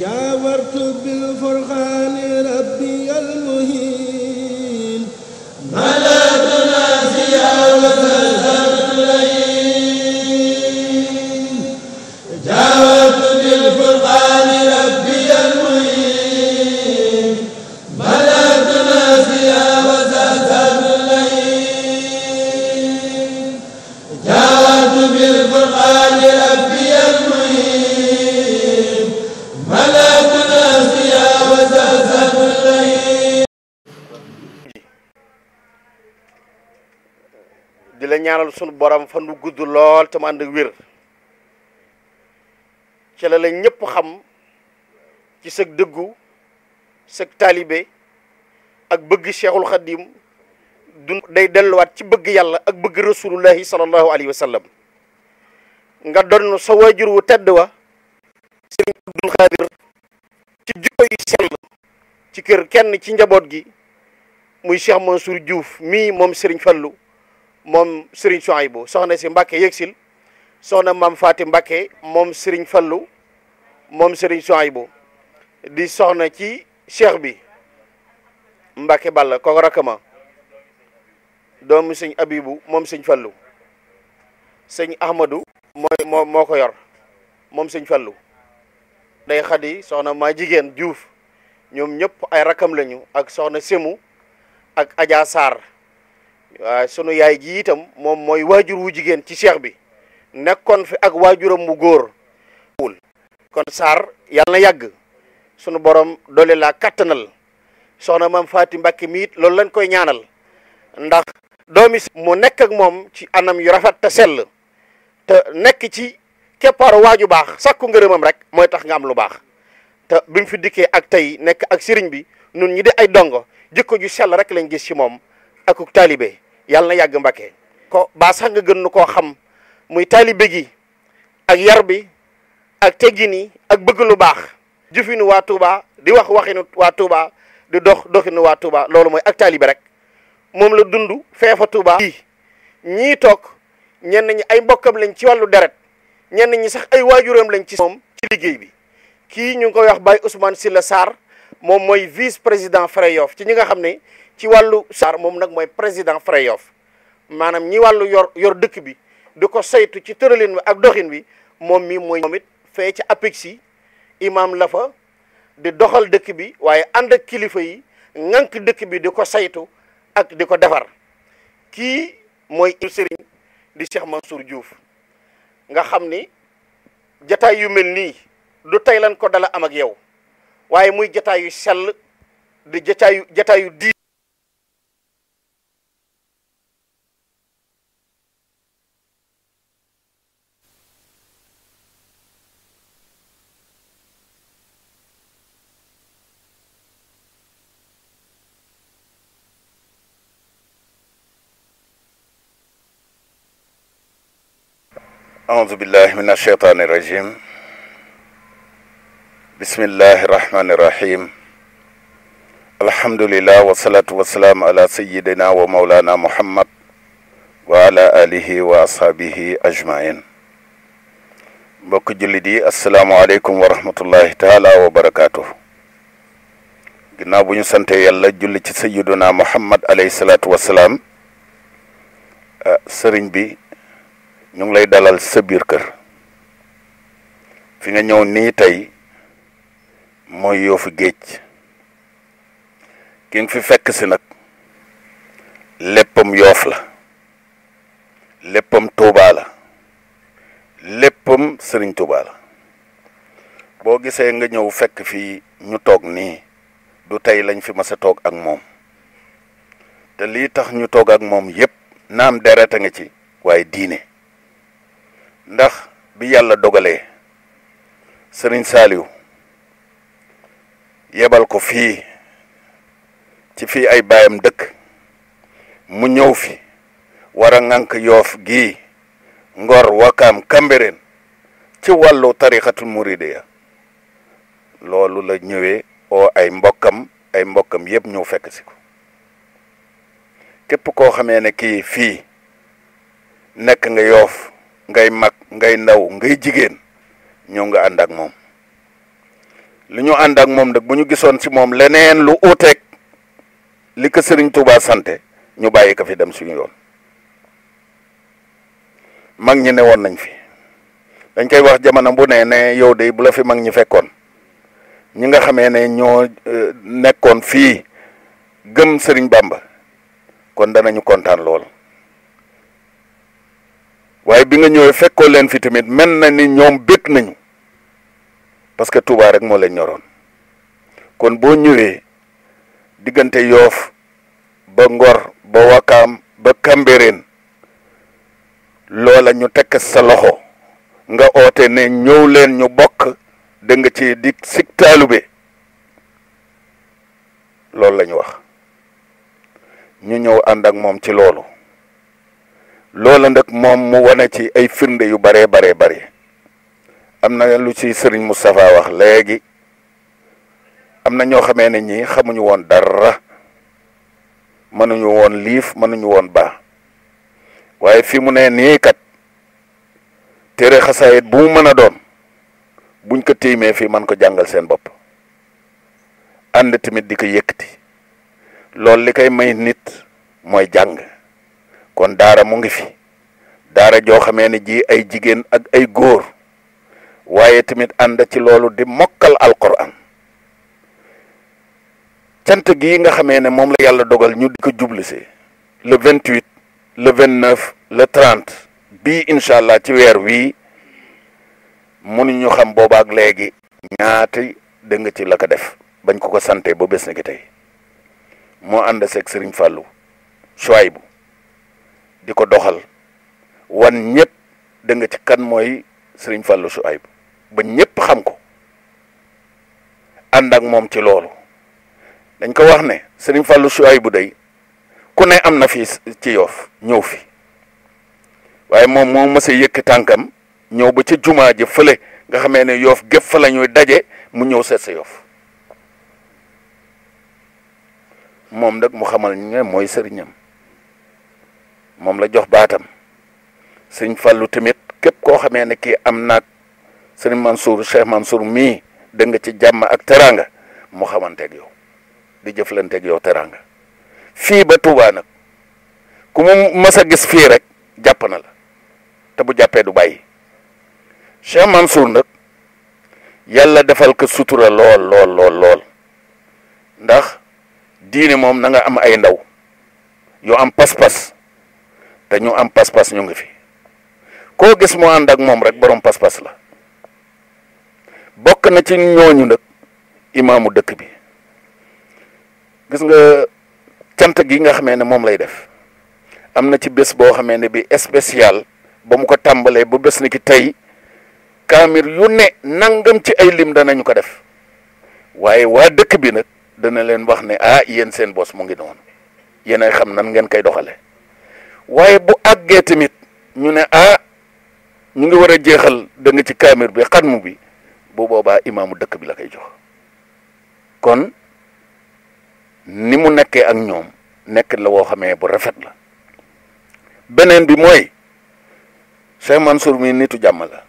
جاورت بالفرقان borom fan nu gudd lol te man ànd ak ci la lay ñepp xam ci sag dëggu sag talibé ak bëgg cheikhul khadim du day wat ci bëgg yalla ak bëgg rasulullahi sallallahu alaihi wasallam, nga doon sa waajur wu tedd wa sëriñ abdul khadir ci jikko yi sel ci kër kenn ci njabot gi muy cheikh mansour diouf mi mom serigne fallou moom Serigne Souhaïbou soxna si Mbacke yëgsil soxna maam Faati mbake moom Serigne Fallou moom Serigne Souhaïbou di soxna ci cheikh bi mbake Balla kooku rakkama doomu sëñ Abibou moom sëñ Fallou sëñ Ahmadou mooy moo moo ko yor moom sëñ Fallou day xadi soxna maa jigéen Diouf ñoom ñëpp ay rakkam lañu ak soxna Sémou ak Adja Sarr Ah, sunu yaay ji itam moom mooy waajur wu jigéen ci cheikh bi nekkoon fi ak waajuram bu góor kon Sarr yàlla na yàgg sunu borom dole laa kattanal soxna mam Faati Mbàkke mi it loolu lañ koy ñaanal ndax doomi mu nekk ak moom ci anam yu rafet te sell te nekk ci keppaaru waaju baax sakku ngërëmam rek mooy tax nga am lu baax te bi mu fi dikkee ak tey nekk ak sëriñ bi nun ñi di ay dongo jikko ju sell rek lañ gis ci moom akuk talibé yàlla na yàgg mbake ko baa sax nga gën nu koo xam muy taalibe gi ak yar bi ak teggin yi ak bëgg lu baax jëfinu waa Touba di wax waxinu waa Touba di dox doxinu waa Touba loolu mooy ak taalibe rek moom la dund feefa Touba ñii toog ñenn ñi ay mbokkam lañ ci wàllu deret ñenn ñi sax ay waajuram lañ ci moom ci liggéey bi kii ñu ngi koy wax Baye si Sylla Sarr moom mooy vice président Freyoof ci ñi nga xam ne ci wàllu sar moom nag mooy président Fra Yoff maanaam ñi wàllu yor yor dëkk bi di ko saytu ci tëralin wi ak doxin wi moom mii mooy moom it ci ca APECSY imaam la fa di doxal dëkk bi waaye ànd kilifa yi ŋànk dëkk bi di ko saytu ak di ko defar kii mooy sëriñ di Cheikh Mansour Diouf nga xam ni jataay yu mel nii du tey lan ko dala am ak yow waaye muy jataay yu sell di jataayu jataayu أعوذ بالله من الشيطان الرجيم بسم الله الرحمن الرحيم الحمد لله والصلاة والسلام على سيدنا ومولانا محمد وعلى آله وأصحابه أجمعين بك جلدي السلام عليكم ورحمة الله تعالى وبركاته جنا بني سنتي الله جلدي سيدنا محمد عليه الصلاة والسلام آه، سرين بي ñu ngi lay dalal sa biir kër fi nga ñëw nii tey mooy Yoofu géej ki nga fi fekk si nag léppam yoof la léppam Tuubaa la léppam Sëriñ Tuubaa la boo gisee nga ñëw fekk fii ñu toog nii du tey lañ fi mas a toog ak moom te lii tax ñu toog ak moom yépp naam deret a nga ci waaye diine ndax bi yàlla dogalee sëriñ saaliw yebal ko fii ci fii ay baayam dëkk mu ñëw fi wara a yoof gii ngor wakaam kambéréen ci wàllu tarixatul muridiya loolu la ñëwee oo ay mbokkam ay mbokkam yëpp ñëw fekk si ko képp koo xamee ne kii fii nekk nga yoof ngay mag ngay ndaw ngay jigéen ñëw nga ànd moom li ñu ànd moom nag bu ñu gisoon si moom leneen lu uuteeg li ko sëriñ Touba sante ñu bàyyi ko fi dem suñu yoon mag ñi ne woon nañ fi dañ koy wax jamono bu ne ne yow de bu la fi mag ñi fekkoon ñi nga xamee ne ñoo eh, nekkoon fii gëm sëriñ Bamba kon danañu kontaan lool waaye bi nga ñëwee fekkoo leen fi tamit mel na ni ñoom bég nañu parce que Touba rek moo leen ñoroon kon boo ñëwee diggante Yoof ba Ngor ba Wakaam ba Kambéreen loola ñu tekk sa loxo nga oote ne ñëw leen ñu bokk da nga ci di sig taalube loolu la ñu wax ñu ñëw ànd ak moom ci loolu loola nag moom mu wane ci ay firnde yu baree baree bari am na lu ci sëriñ Moustapha wax léegi am na ñoo xamee ne ñii xamuñu woon dara mënuñu woon liif mënuñu woon baax waaye fi mu ne nii kat téere xasaayit bu mu mën a doon buñ ko tiimee fii man ko jàngal seen bopp ànd tamit di ko yëkkti loolu li koy may nit mooy jàng kon daara mu ngi fi daara joo xamee ne ji ay jigéen ak ay góor waaye tamit ànd ci loolu di mokkal alquran cant gi nga xamee ne moom la yàlla dogal ñu di ko jublisee le vingt huit le vingt neuf le trente bii incha allah ci weer wii mënuñu xam boobaak léegi ñaati da nga ci la ko def bañ ko ko sante ba bés na ki tey moo ànd sëriñ Serigne Fallou bu di ko doxal wan ñëpp da nga ci kan mooy sëriñ ay Souhaïbou ba ñëpp xam ko ànd moom ci loolu dañ ko wax ne sëriñ Fallou Souhaïbou day ku ne am na fii ci yoof ñëw fi waaye moom moo mës a tànkam ñëw ba ci jumaa ji fële nga xamee ne yoof gépp fa la ñuy daje mu ñëw seet sa yoof moom nag mu xamal ñu ne mooy sëriñam moom la jox baatam sëñ Fallou tamit képp koo xamee ne kii am naag sëñ Mansour Cheikh Mansour mii da nga ci jàmm ak teraanga mu xamanteeg yow di jëflanteeg yow teraanga fii ba Touba nag ku mu mës a gis fii rek jàpp na la te bu jàppee du bàyyi Cheikh Mansour nag yàlla defal ko sutura lool lool lool ndax diine moom nanga am ay ndaw yoo am pas-pas. te ñu am pas-pas ñu ngi fi ko gis mo and ak mom rek borom pas-pas la bok na ci ñooñu nak imamu dëkk bi gis nga tant gi nga xamé ne mom lay def am ci bes bo xamé ne bi spécial ba mu ko tambalé bu bés ni ki tay kamir yu ne nangam ci ay lim danañu ko def waye wa dëkk bi nag dana leen wax ne ah yeen seen bos mu ngi non yeen ay xam nan ngeen kay doxale waaye bu àggee tamit ñu ne ah ñu ngi war a jeexal da ci kaamir bi xatmu bi bu boobaa imaamu dëkk bi la koy jox kon ni mu nekkee ak ñoom nekk la woo xamee bu rafet la beneen bi mooy Cheikh Mansour mi nitu jàmm la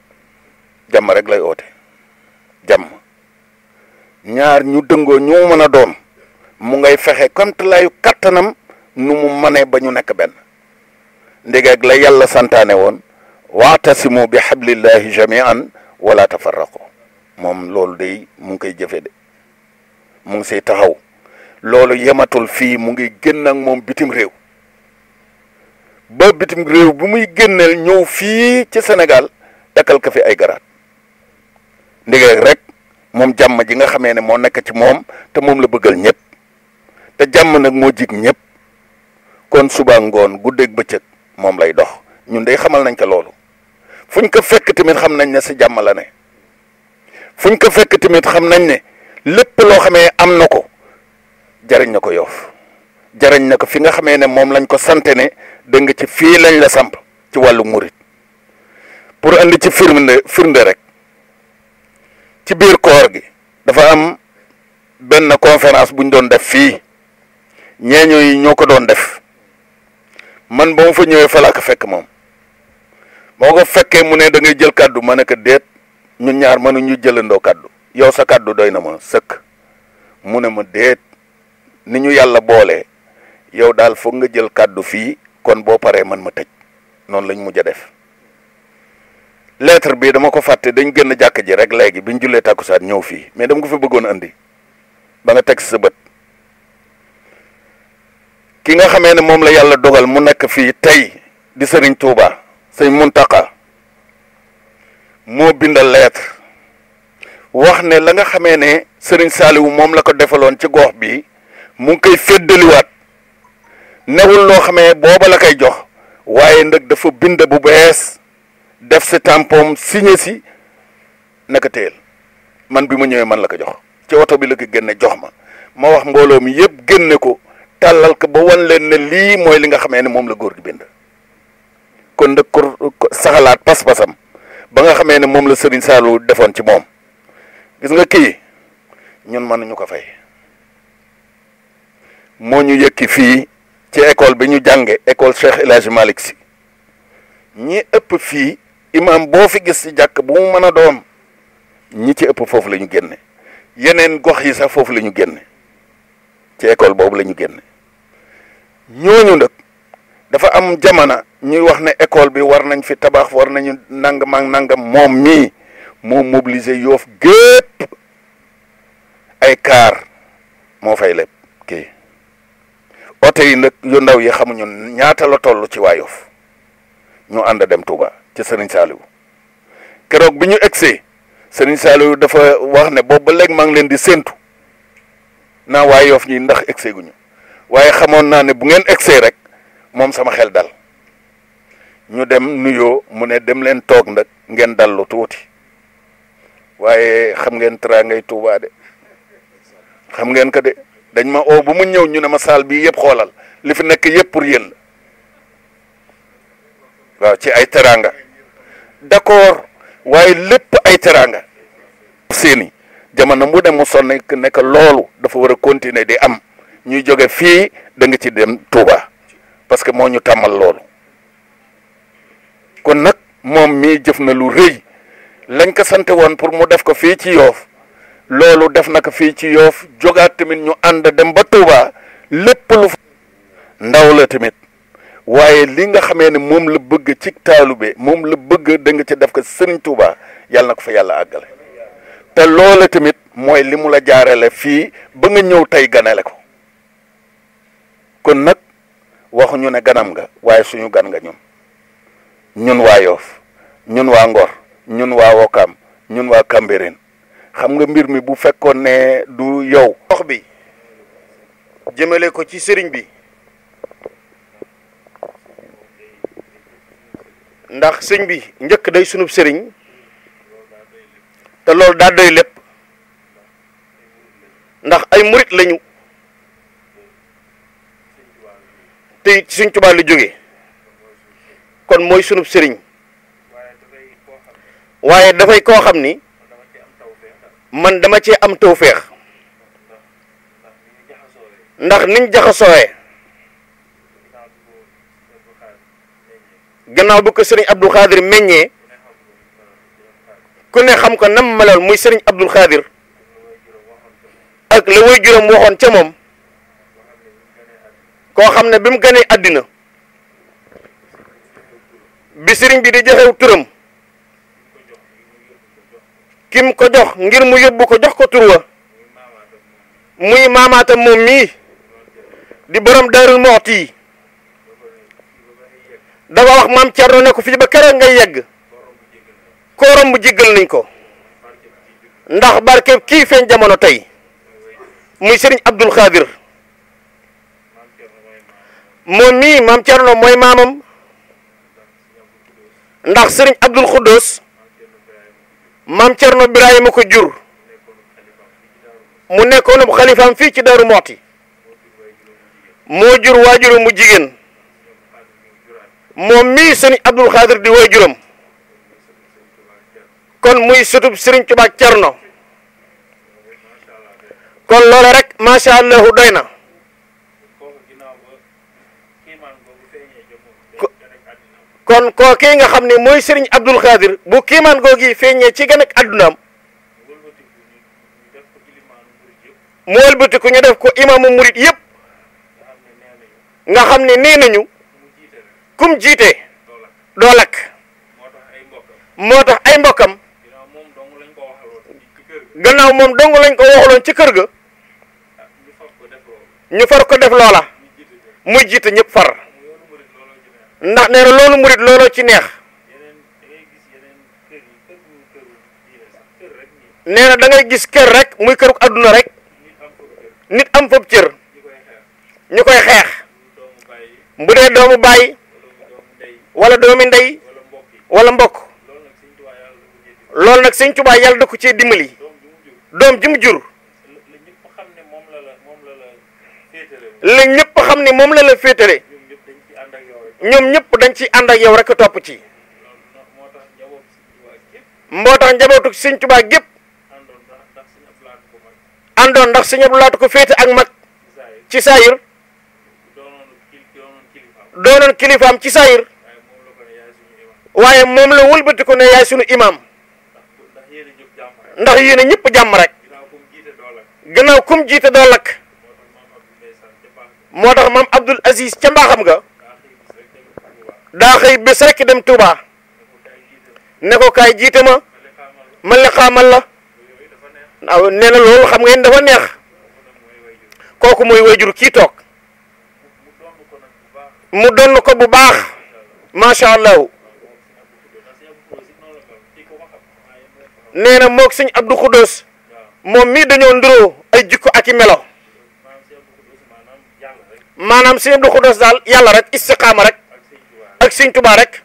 jàmm rek lay oote jàmm ñaar ñu dëngoo ñu mën a doon mu ngay fexe kamtalaayu kàttanam nu mu manee ba ñu nekk benn ndegag la yàlla santaane woon waxta waatasimu bi xablillahi an wala tafarraqu moom loolu day mu ngi koy jëfe de mu ngi say taxaw loolu yematul fii mu ngi génn moom bitim réew ba bitim réew bu muy génneel ñëw fii ci senegal dakkal ko fi ay garaat ndegag rek moom jàmm ji nga xamee ne moo nekk ci moom te moom la bëggal ñëpp te jàmm nag moo jig ñépp kon suba ngoon guddeeg bëccëg moom lay dox ñun day xamal nañ ko loolu fuñ ko fekk tamit xam nañ ne si jàmm ne fuñ ko fekk tamit xam nañ ne lépp loo xamee am na ko jariñ na ko yoof jariñ na ko fi nga xamee ne moom lañ ko sante ne dégg nga ci fii lañ la samp ci wàllu murit pour indi ci firnde firnde rek ci biir koor gi dafa am benn conférence bu ñu doon def fii ñeeño yi ñoo ko doon def man ba ma fa ñëwee falaa ko fekk moom boo ko fekkee mu ne da ngay jël kàddu ma ne ko déet ñun ñaar mënu ñu jëlandoo kàddu yow sa kàddu doy na ma sëkk mu ne ma déet ni ñu yàlla boolee yow daal foog nga jël kàddu fii kon boo paree man ma tëj noonu lañ mujj a def lettre bii dama ko fàtte dañ gën jàkk ji rek léegi biñ jullee saat ñëw fii mais dama ko fa bëggoon andi ba nga teg sa bët ki nga xamee ne moom la yàlla dogal mu nekk fii tey di sëriñ Touba sëñ Mountakha moo bind lettre wax ne la nga xamee ne sëriñ Saliou moom la ko defaloon ci gox bi mu ngi koy féddaliwaat newul loo xamee booba la kay jox waaye nag dafa bind bu bees def si tampon signé si naka teel man bi ma ñëwee man la ko jox ci oto bi la ko génne jox ma ma wax mbooloo mi yëpp génne ko. talal ko ba won len ne li moy li nga xamee ne la gor gi bind kon de kur saxalat pas-pasam ba nga xamee ne moom la Serigne salu defon ci mom gis nga ki ñun man ñu ko fay mo ñu yekki fi ci école bi ñu jànge école Cheikh El malik si ñi ëpp fi imam bo fi gis ci jàkk bu mu mëna a ñi ci ëpp fofu lañu génné génne yeneen gox yi sax fofu lañu génné ci école boobu lañu génné ñooñu nag dafa am jamono ñu wax ne école bi war nañ fi tabax war nañu nangam ak nangam moom mii moo mobiliser yoof gépp ay kaar moo fay leb ki oto yi nag yu ndaw yi xamuñu ñaata la toll ci waa yoof ñu ànd dem Touba ci sëriñ Saliou keroog bi ñu egsee Serigne Saliou dafa wax ne boobu ba léegi maa ngi leen di séentu naa waa yoof ñi ndax egsee guñu waaye xamoon naa ne bu ngeen egsee rek moom sama xel dal ñu dem nuyoo mu ne dem leen toog nag ngeen dallu tuuti waaye xam ngeen tra ngay tuubaa de xam ngeen ko de dañ ma oo bu mu ñëw ñu ne ma saal bii yëpp xoolal li fi nekk yëpp pour yéen la waaw ci ay teraanga d'accord waaye lépp ay teraanga seeni jamono mu dem mu sonn nekk loolu dafa war a continuer di am ñuy jóge fii da nga ci dem Touba parce que moo ñu tàmmal loolu kon nag moom mii jëf na lu rëy lañ ko sante woon pour mu def ko fii ci yoof loolu def na ko fii ci yoof jógaat tamit ñu ànd dem ba Touba lépp lu ndaw la tamit waaye li nga xamee ne moom la bëgg ci taalube moom la bëgg danga ci def ko Sëriñ Touba yàlla na ko fa yàlla àggale te loola tamit mooy li mu la jaarale fii ba nga ñëw tey ganale ko kon nag waxuñu ne ganam nga waaye suñu gan nga ñun ñun waa Yoff ñun waa Ngor ñun waa Wokam ñun waa Cambérène xam nga mbir mi bu fekkoon ne du yow. dox bi jëmale ko ci sëriñ bi ndax sëñ bi njëkk day sunub sëriñ te loolu daa doy lépp ndax ay murit lañu. te it suñ Tuubaa la jóge kon mooy sunub sëriñ waaye dafay koo xam ni man dama cee am tawféex ndax niñ jaxasoowee gannaaw bu ko sëriñ Abdou Khadir meññee ku ne xam ko nam meloon muy sëriñ Abdou Khadir ak la way juróom waxoon ca moom koo xam ne bi mu gënee àddina bi sëriñ bi di joxew turam kim ko jox ngir mu yóbbu ko jox ko tur wa muy maamaatam moom mii di borom Daarul Muxti dafa wax maam Thierno ne ko fii ba keroog ngay yegg kooram bu jéggal nañ ko ndax barke kii feeñ jamono tey muy sëriñ Abdul Xaadir moom mii maam Thierno mooy maamam ndax sëriñ Abdul Khoudous maam Thierno Birahima ko jur mu nekkoonub xalifaam fii ci Daaru Mooti moo jur waajuru mu jigéen moom mii sëriñ Abdul Xaadir di waajuram kon muy sutub sëriñ Tuubaa Thierno kon loola rek macha allahu doy na. kon kookee nga xam ne mooy sëriñ Abdul Xaadir bu kiimaan googi feeñee ci gan ak addunaam mu wëlbatiku ñu def ko imaamu murit yépp nga xam ne nee nañu kum jiite doo lakk moo tax ay mbokkam gannaaw moom dong lañ ko waxaloon ci kër ga ñu far ko def loola muy jiite ñëpp far ndax nee loolu murit looloo ci neex nee na da ngay gis kër rek muy këru adduna rek nit am fab cër ñu koy xeex bu dee doomu bàyyi wala doomi ndey wala mbokk loolu nag sëñ Tuubaa yàlla da ko cee dimbali doom ji mu jur la ñëpp xam ne moom la la féetale ñom ñep dañ ci and ak yow rek top ci motax jabotu seigne touba gep andon ndax seigne Abdu latou ko fete ak mak ci saayir doonoon kilifaam ci saayir waye mom la wulbeuti ko ne yaay sunu imam ndax yene ñep jam rek gannaaw kum jiite dolak motax mam Abdul Aziz ci mbaxam nga daa xëy bés rekk dem Touba ne ko kaay jiite ma ma liqaamal la aw nee na loolu xam ngeen dafa neex kooku mooy wayjur kii toog mu donn ko bu baax macha allah nee na moog sëñ Abdou Khoudous moom mii dañoo nduroo ay jikko ak i melo maanaam sëñ Abdou Khoudous daal yàlla rek istiqaama rek. ak sëñ Touba rek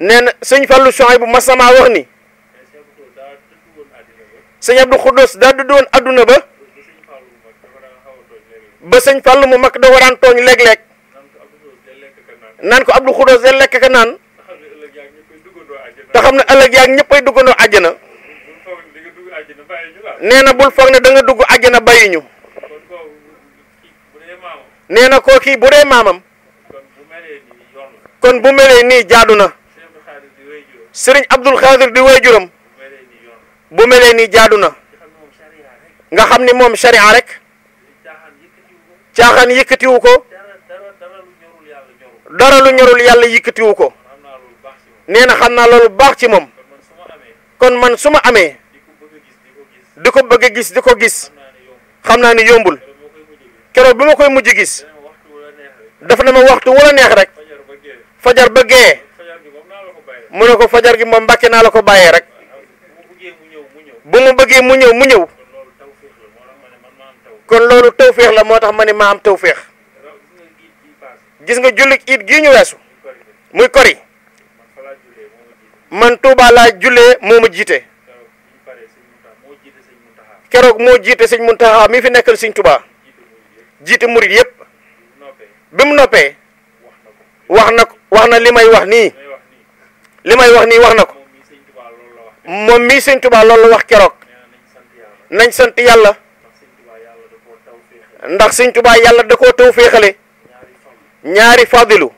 nee na sëñ Fallou Chouaï bu Masama wax ni sëñ Abdou Khoudous daa dëdd woon adduna ba ba sëñ Fallou mu mag da waraan tooñ léeg-léeg naan ko Abdou Khoudous de lekk ka naan te xam ne ëllëg yaa ñëppay duggandoo àjjana nee na bul foog da nga dugg àjjana bàyyi nee na koo kii bu dee maamam kon bu melee nii jaadu na sëriñ Abdul Xaadir di waajuram bu melee nii jaadu na nga xam ni moom sharia rek caaxaan yëkkatiwu ko dara lu ñorul yàlla yëkkatiwu ko nee na xam naa loolu baax ci moom kon man su ma amee di ko bëgg a gis di ko gis xam naa ni yombul. kéro bima koy mujj gis dafa na ma waxtu wala neex rek fajar ba gee mu ne ko fajar gi moom mbàkke naa la ko bàyyee rek bu mu bëggee mu ñëw mu ñëw kon loolu tawféex la moo tax ma ne ma am tawféex gis nga jullit it gii ñu weesu muy kori man Touba laa jullee moo ma jiite keroog moo jiite sëñ mi fi nekkal sëñ Touba. jiite murit yëpp bi mu noppee wax na ko wax na li may wax nii li may wax nii wax na ko moom mii sëñ Tuubaa loolu wax keroog nañ sant yàlla ndax sëñ Tuubaa yàlla da koo taw féexale ñaari fadilu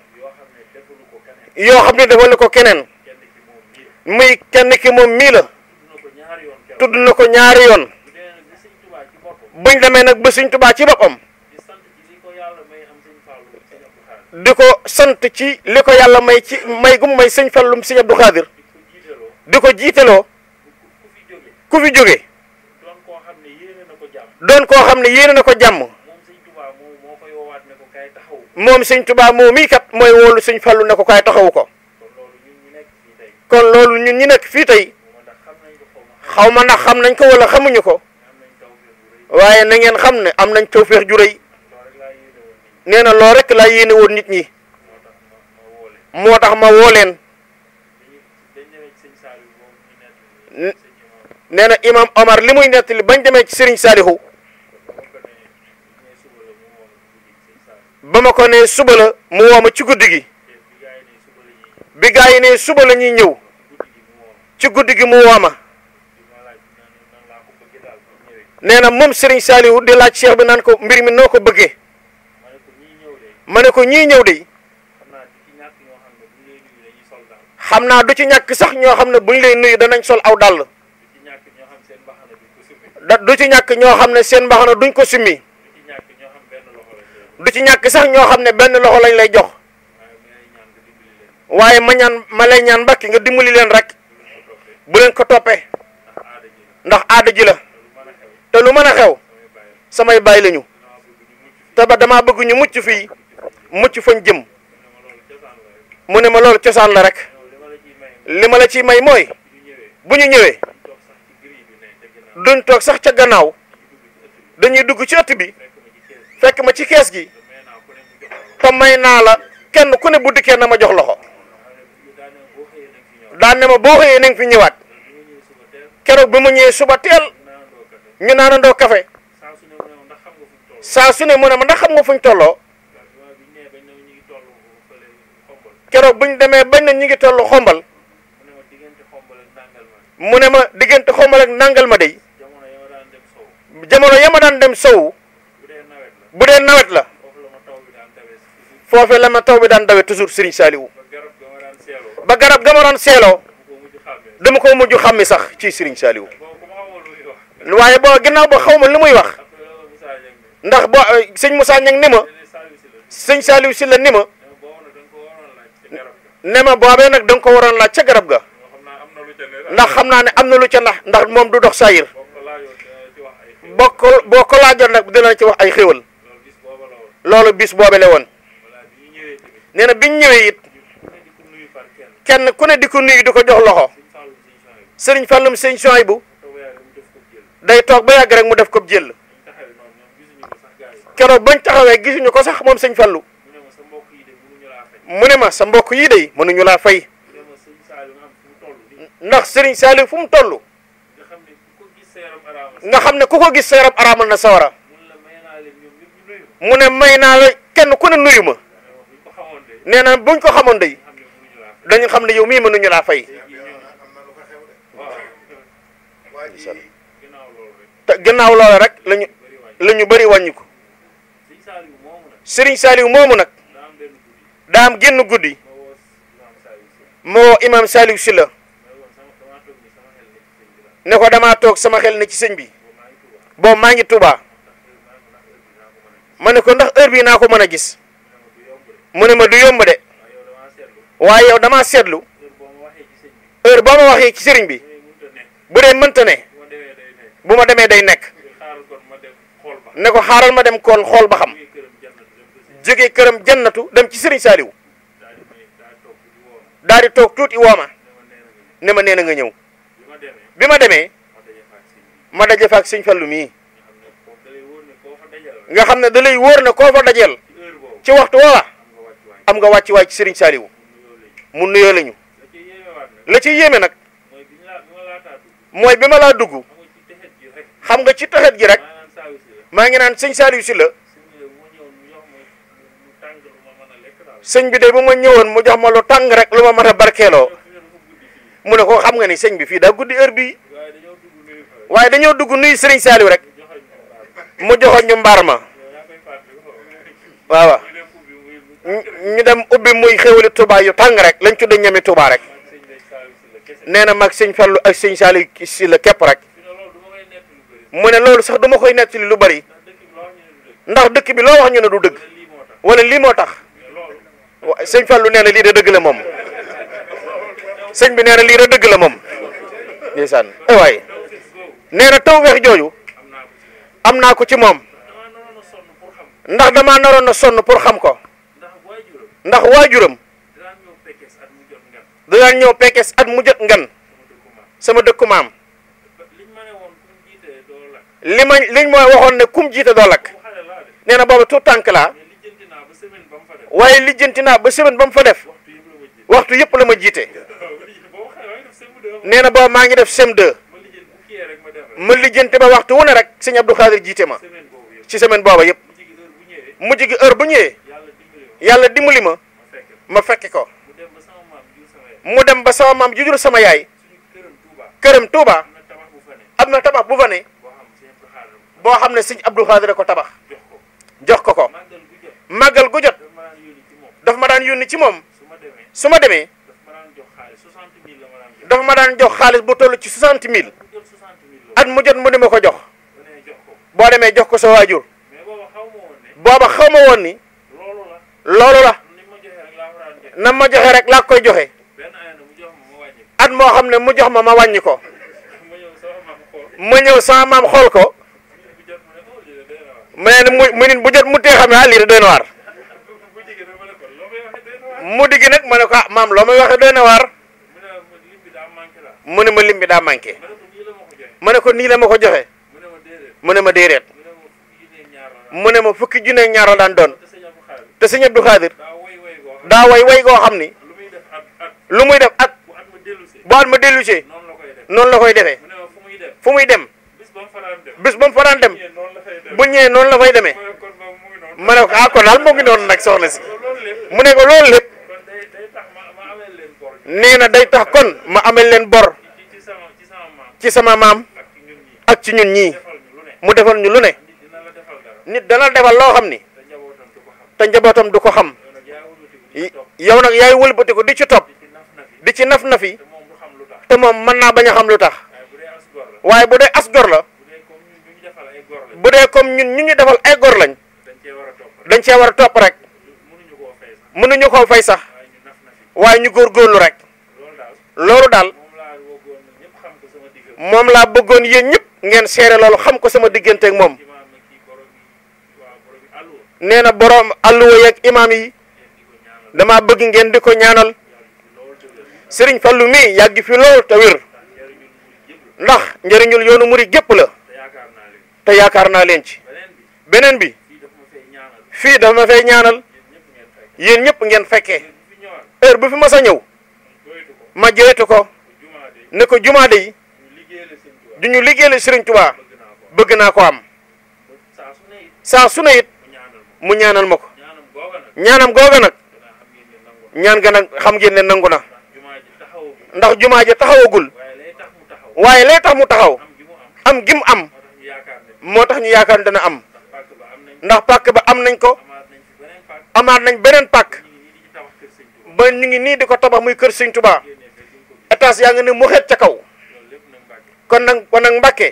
yoo xam ne dafa la ko keneen muy kenn ki moom mii la tudd na ko ñaari yoon buñ demee nag ba sëñ Tuubaa ci boppam di ko sant ci li ko yàlla may ci may gum may sëñ fallum sëñ Abdou Khadir di ko jiiteloo ku fi jóge doon koo xam ne yéene na ko jàmm moom sëñ Tuubaa moom mii kat mooy woolu sëñ fàllu ne ko kaay taxawu ko kon loolu ñun ñi nekk fii tey xaw ma ndax xam nañ ko wala xamuñu ko waaye na ngeen xam ne am nañ tawféex ju rëy nee na loo rek laa yéene woon nit ñi moo tax ma woo leen nee na imaam Omar li muy nettali bañ demee ci Serigne Salihu ba ma ko nee suba la mu woo ci guddi gi bi gaa yi ne suba lañuy ñëw ci guddi gi mu woo ma nee na moom Serigne Salihu di laaj cheikh bi naan ko mbir mi noo ko bëggee. mané ko ñi ñew de xamna du ci ñak sax ño buñ lay nuyu danañ sol aw dal du ci ñak ño xam seen mbaxana duñ ko simi du ci ñak sax ño xam benn loxo lañ lay jox waye ma ñaan ma lay ñaan bakki nga dimbali leen rek bu leen ko topé ndax aada ji la te lu mëna xew samay bay lañu te ba dama bëgg ñu mucc fi mucc fañ jëm mu ne ma loolu cosaan la rek li ma la ciy may mooy bu ñu ñëwee duñ toog sax ca gannaaw dañuy dugg ci ëtt bi fekk ma ci kees gi te may naa la kenn ku ne bu dikkee na ma jox loxo daan ne ma boo xëyee na fi ñëwaat keroog bi mu ñëwee suba teel ñu naanandoo kafe saa su ne mu ne ma ndax xam nga fuñ tolloo keroog bu ñu demee bañ na ñu ngi tollu xombal mu ne ma diggante xombal ak nangal ma dey jamono ya ma daan dem sow bu dee nawet la foofee la ma taw bi daan dawe toujours Serigne Saliou ba garab ga ma daan seeloo dama ko mujj xàmmi sax ci Serigne Saliou waaye boo gannaaw ba xaw ma lu muy wax ndax boo sëñ mu Niang ni ma sëñ Saliou si la ni ma. nema ma nak dang ko waron la ci garab ga ndax xamna ne am lu ci ndax ndax mom du dox sayir bokol ko la ko nak dina ci wax ay xewal lolu bis bobé le won nee biñ ñëwé it kenn ku ne di nuyu diko jox loxo serigne fallum serigne sooy bu day tok ba yag rek mu def ko jël kéro bañ taxawé gisunu ko sax mom serigne fàllu Eh? mu ne ma sa mbokk yii day mënuñu laa fay ndax Serigne Saliou fu mu toll nga xam ne ku ko gis sa yaram araamal na sawara mu ne may naa kenn ku ne nuyu ma nee naa buñ ko xamoon day dañu xam ne yow mii mënuñu laa fay te gannaaw loola rek lañu la ñu bëri wàññi ko Serigne moomu nag daam génn guddi moo imam Salih Sylla ne ko dama toog sama xel ne ci sëñ bi boobu maa ngi Tuubaa ma ne ko ndax heure bi naa ko mën a gis mu ma du yomb de waaye yow dama seetlu heure boo ma waxee ci sëriñ bi bu dee mënta ne bu ma demee day nekk ne ko xaaral ma dem kool xool ba xam jege këram jannatu dem ci Serigne Saliou daal di toog tuuti wooma ne ma nee na nga ñëw bi ma demee ma daje fa ak Serigne Fallou mii nga xam ne da lay wóor ne koo fa dajeel ci waxtu woowa am nga wàcc waay ci Serigne Saliou mu nuyoo lañu la ci yéeme nag mooy bi ma laa dugg xam nga ci taxet gi rek maa ngi naan Serigne Saliou si la sëñ bi de bu ma ñëwoon mu jox ma lu tàng rek lu ma mën a barkeeloo mu ne ko xam nga ni sëñ bi fii daa guddi heure bii waaye dañoo dugg nuyu sëriñ Saliou rek mu joxoon ñu mbaar ma waaw ñu dem ubbi muy xéwali Touba yu tàng rek lañ tuddee ñami Touba rek nee na mag sëñ Fallu ak sëñ Saliou si la képp rek mu ne loolu sax duma koy nettali lu bari ndax dëkk bi loo wax ñu ne du dëgg wala lii moo tax. sëñ Fallou nee na lii de dëgg la moom sëñ bi nee lii de dëgg la moom ndeysaan ay eh waaye nee na taw weex jooju am naa ko ci moom ndax damaa naroon na sonn pour xam ko ndax waajuram daan ñëw pekes at mu jot ngan sama dëkku maam li ma liñ ma waxoon ne kum jiite doo lakk nee na booba tout tànk laa waaye lijjanti naa ba semaine ba mu fa def waxtu yëpp la ma jiite nee na booba maa ngi def CM2 ma lijjanti ba waxtu wu ne rek sëñ Abdou Khadir jiite ma ci semaine booba yëpp mujj gi heure bu ñëwee yàlla dimbali ma ma fekki ko mu dem ba sama maam jujur sama yaay këram Touba am na tabax bu fa ne boo xam ne sëñ Abdou Khadir ko tabax jox ko ko màggal gu jot. dafa ma daan yónni ci moom su ma demee dafa ma daan jox xaalis bu toll ci 60 000 at mu jot mu deme ko jox boo demee jox ko sa waajur booba xaw ma woon ni loolu la na ma joxe rek laa koy joxe at moo xam ne mu jox ma ma wàññi ko ma ñëw sama maam xool ko ma ne mu mu nit bu jot mu tee xam ne ah lii doy mudi gi nag ma ne ko ah maam loo may waxe doy na waar mu ne ma lim bi daa manqué ma ne ko nii la ma ko joxe mu ne ma déedéet mu ne ma fukki junne ñaar daan doon te sëñ Abdou Khadir daa way way koo xam ni lu muy def at bu at ma dellu see noonu la koy defe fu muy dem bis ba mu fa dem bu ñëwee noonu la fay demee ma ne ko ah kon daal moo ngi noonu nag soxna si mu ne ko loolu lépp. nee na day tax kon ma amel leen bor ci sama maam ak ci ñun ñi mu defal ñu lu ne nit dana defal loo xam ni te njabootam du ko xam yow nag yaay wëlbatiku di ci topp di ci naf nafi te moom mën naa bañ a xam lu tax waaye bu dee as gor la bu dee comme ñun ñu ñu defal ay gor lañ dañ cee war a topp rek mënuñu koo fay sax. waaye ñu góor góorlu rek loolu daal moom laa bëggoon yéen ñëpp ngeen seere loolu xam ko sama digganteek ak moom nee na borom àlluwa yeeg imaam yi dama bëgg ngeen di ko ñaanal sëriñ Fallu mii yàgg fi lool te wér ndax njëriñul yoonu muri gépp la te yaakaar naa leen ci beneen bi fii dafa ma ñaanal yéen ñëpp ngeen fekke heure bu fi mas a ñëw ma joytu ko ne ko jumaa de du ñu liggéeyal Serigne Touba bëgg naa ko am saa su ne it mu ñaanal ma ko ñaanam googa nag ñaan ga nag xam ngeen ne nangu na ndax jumaa ji taxawagul waaye lee tax mu taxaw am gim am moo tax ñu yaakaar dana am ndax pàkk ba am nañ ko amaat nañ beneen pàkk ba ñu ngi nii di ko tabax muy kër Serigne Touba étage yaa nga ne mu xet ca kaw kon nag kon nag Mbàkke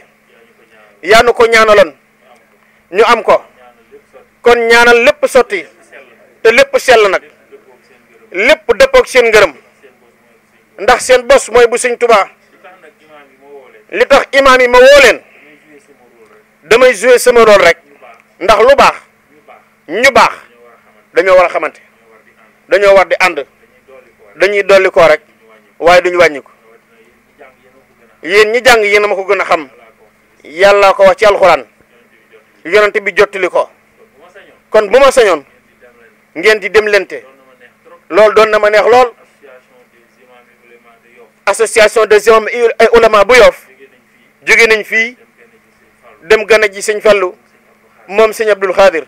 yaa nu ko ñaanaloon ñu am ko kon ñaanal lépp sotti te lépp sell nag lépp dëppoog seen ngërëm ndax seen bos mooy bu Serigne Touba li tax imam yi ma woo leen damay jouer sama rôle rek ndax lu baax ñu baax dañoo war a dañoo war di ànd dañuy dolli ko rek waaye duñu wàññi ko yéen ñi jàng yéen a ma ko gën a xam yàlla ko wax ci alxuraan yonent bi jottali ko kon bu ma sañoon ngeen di dem lente loolu doon na ma neex lool association des imams et ulama bu Yoff jóge nañ fii dem gën a ji sëñ Fallu moom sëñ Abdul Xaadir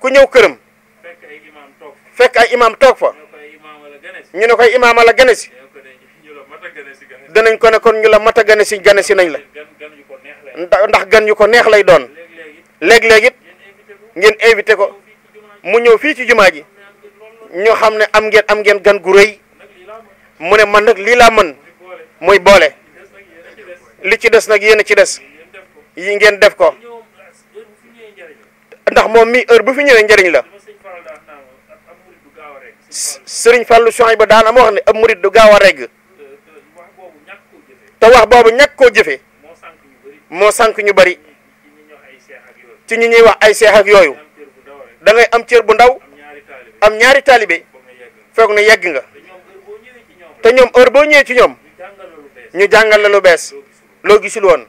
ku ñëw këram Fek ay imam toog fa ñu ne koy imam la gane si danañ ko ne kon ñu la mata a gane si gane si nañ la ndax gan yu ko neex lay doon léeg-léeg it ngeen invité ko mu ñëw fii ci juma ji ñu xam ne am ngeen am ngeen gan gu rëy mu ne man nag lii laa mën muy boole li ci des nag yéen ci des yi ngeen def ko ndax moom mi heure bu fi ñëwee njëriñ la sëriñ Fallou Soy ba daana ma wax ne ab murit du gaaw a regg te wax boobu ñàkk koo jëfe moo sànq ñu bari ci ñu ñuy wax ay seex ak yooyu da ngay am cër bu ndaw am ñaari taalibe foog ne yegg nga te ñoom heure boo ñëwee ci ñoom ñu jàngal la lu bees loo gisul woon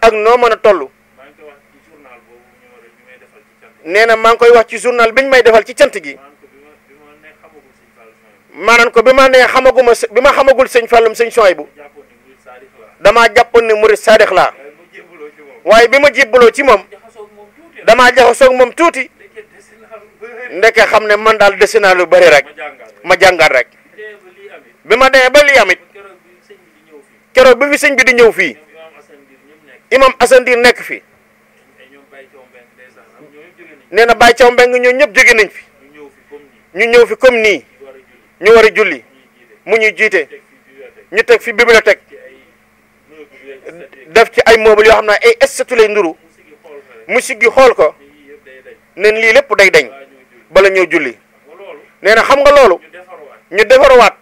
ak noo mën a toll nee na maa ngi koy wax ci journal bi ñu may defal ci cant gi. maanaam ko bi ma nee xamaguma bi ma xamagul sëñ Fallum sëñ Souhaïbou damaa jàppoon ne murid saadix waaye bi ma jébbaloo ci moom damaa jaxasoo ak moom tuuti ndeke xam ne man daal dese naa lu bëri rek ma jàngat rek bi ma demee ba lii keroog bi fi sëñ bi di ñëw fii imam Assane nekk fi nee na Baye Thiaw ñoo ñëpp jóge nañ fi ñu ñëw fi comme nii. ñu war a julli mu ñuy jiite ñu teg fi bibliothèque def ci ay meubles yoo xam naa ay estatu lay nduru mu siggi xool ko ne lii lépp day dañ bala ñëw julli nee na xam nga loolu ñu defaruwaat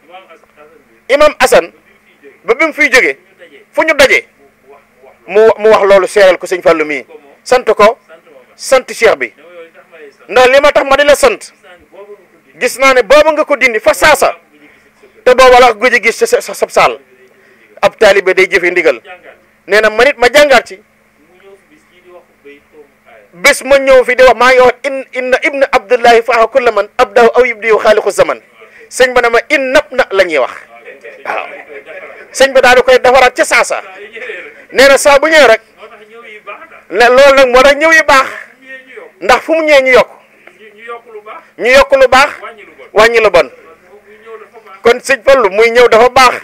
imam Assane ba bi mu fiy jóge fu ñu daje mu mu wax loolu seeral ko sëñ Fallou mii sant ko sant cheikh bi ndax li ma tax ma di sant gis naa ne booba nga ko dindi fa saasa te booba la gëj a gis sa sa sab saal ab taalibe day jëfe ndigal nee na man ma jàngaat ci bés ma ñëw fi di wax maa ngi wax in inna ibna abdullahi faaxa kulla man abdahu aw yubdiyu xaaliqu zaman sëñ ba na ma in nab na la ñuy wax waaw sëñ ba daal di koy defaraat ca saasa nee na bu ñëwee rek ne loolu nag moo tax ñëw yi baax ndax fu mu ñëwee ñu yokk ñu yokk lu baax wàññi la bon kon sëñ Fallu muy ñëw dafa baax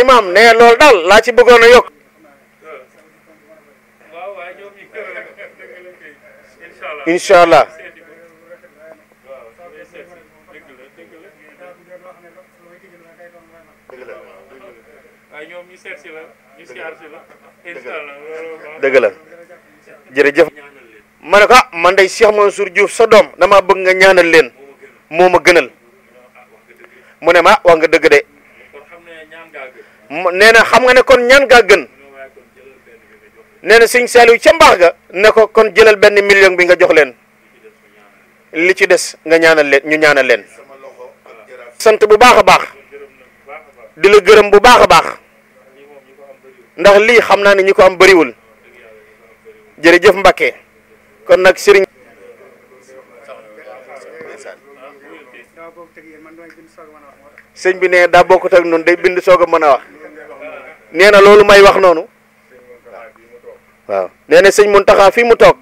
imaam ne loolu daal laa ci bëggoon a yokk incha allah dëgg la jërëjëf manaka man day Cheikh Mansour Diouf sa dom dama bëgg nga ñaanal leen moma gënal mune ma wa nga dëgg de nee xam nga ne kon ñaan ga gën nee seigne salou ci mbax ga ne ko kon jëlal ben million bi nga jox leen li ci dess nga ñaanal leen ñu ñaanal leen. sant bu baaxa baax di la gërëm bu baaxa baax ndax li xamna ni ñiko am bëriwul jëf mbacké kon nag sëriñ sëñ bi ne daa bokkut ak noonu day bind soog a mën a wax nee na loolu may wax noonu waaw nee na sëñ Muntaxa fii mu toog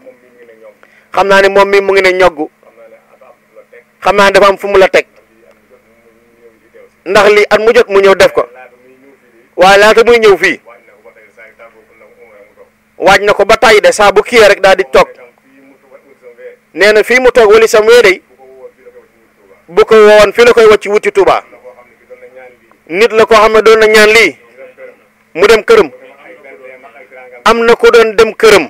xam naa ne moom mii mu ngi ne ñoggu xam naa ni dafa am fu mu la teg ndax lii at mu jot mu ñëw def ko waaye laata muy ñëw fii waaj na ko ba tàyyi de saa bu kiyee rek daal di toog nee na fii mu toog wali sam weedey bu ko woowoon fii la koy ci wuti Touba nit la koo xam ne doon na ñaan lii mu dem këram am na ko doon dem këram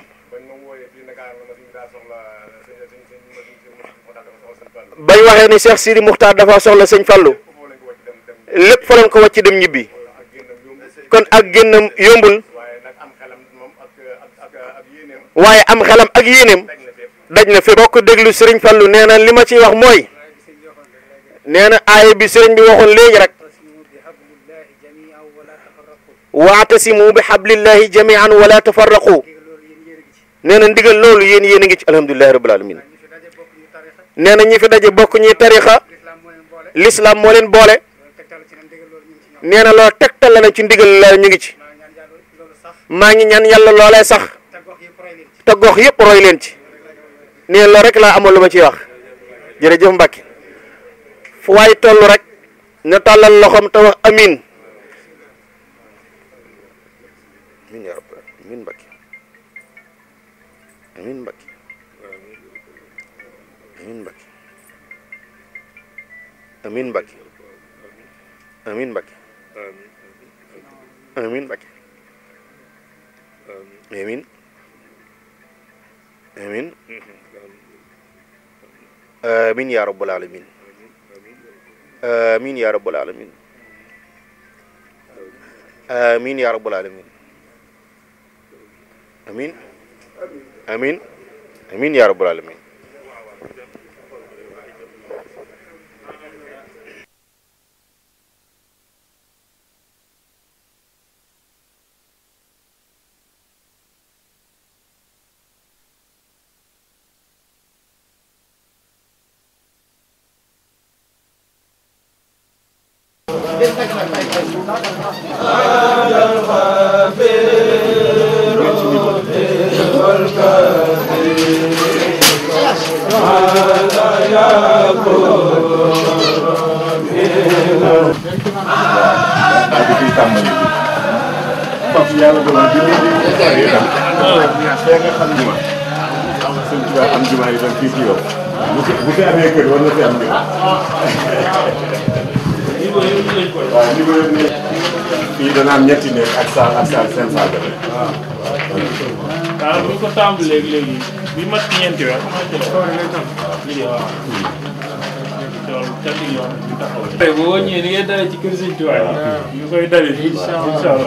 bañ waxee ni Cheikh Sidi Muxtaar dafa soxla sëñ Fallou lépp fa lañ ko ci dem ñibbi kon ak génnam yombul waaye am xelam ak yéeneem daj na fi bokk déglu sëriñ Fallu nee na li ma ciy wax mooy nee na aaya bi sëriñ bi waxoon léegi rek waatasimu bi xablillahi jamian wala tafarraqu nee na ndigal loolu yéen yéen a ngi ci alhamdulilahi rabbil alamin nee na ñi fi daje bokk ñi tarixa l'islam moo leen boole nee na loolu tegtal la na ci ndigal la ñu ngi ci maa ngi ñaan yàlla loolee sax te gox yëpp roy leen ci ne loolu rek la amul luma ci wax jere jërëjëf Mbacke fu way tollu rek na talal loxom taw amin amin ya rabbi amin Mbacke amin Mbacke amin Mbacke amin Mbacke amin Mbacke amin Mbacke amin amin آمين يا رب العالمين آمين يا رب العالمين آمين يا رب العالمين آمين آمين آمين يا رب العالمين tàmbali léegi léegi bi mat ñeenti weer boo ñëwee ni ngay dalee ci kër Sëñ Tuubaa yi ñu koy dalee incha allah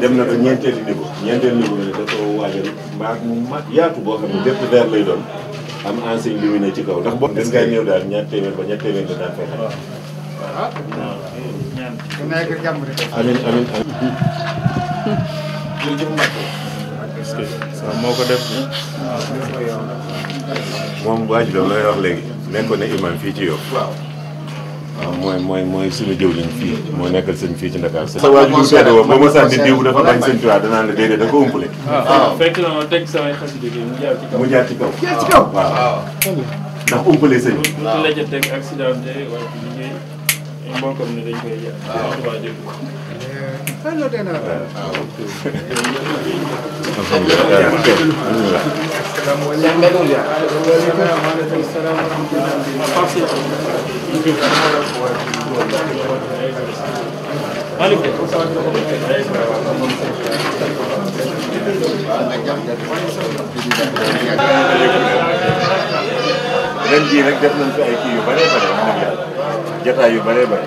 dem na ko ñeenteelu niveau ñeenteelu niveau bi da ko waajal mbaa mu mag yaatu boo xam ne bépp verre lay doon am enseigne bi ne ci kaw ndax boo des ngay néew daal ñaar téeméer ba ñaar téeméer nga daan fay amiin amiin amiin moo ko def moom waa ji doon lay wax léegi nekkoon na imam fii ci yow. waaw waaw mooy mooy mooy suñu jëwriñ fii moo nekkal sëñ fii ci Ndakaar sa waaju du seede woo boo ma sànni diw dafa bañ sëñ Tuubaa danaa ne déedéet da ko umpale waaw fekk na ma teg samay xasida gi mu jaar ci kaw mu jaar ci kaw jaar ci kaw waaw ndax umpale sëñ la ca teg accidenté wala liggéey mbokkam ne dañ koy jaar waaw Hello, Dana. ren jii nag def nañ fi ay kii yu bëree bëri wax dëgg yàlla jotaay yu bëree bëri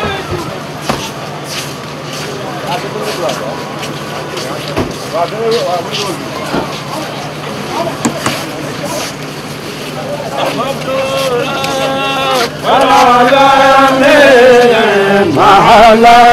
la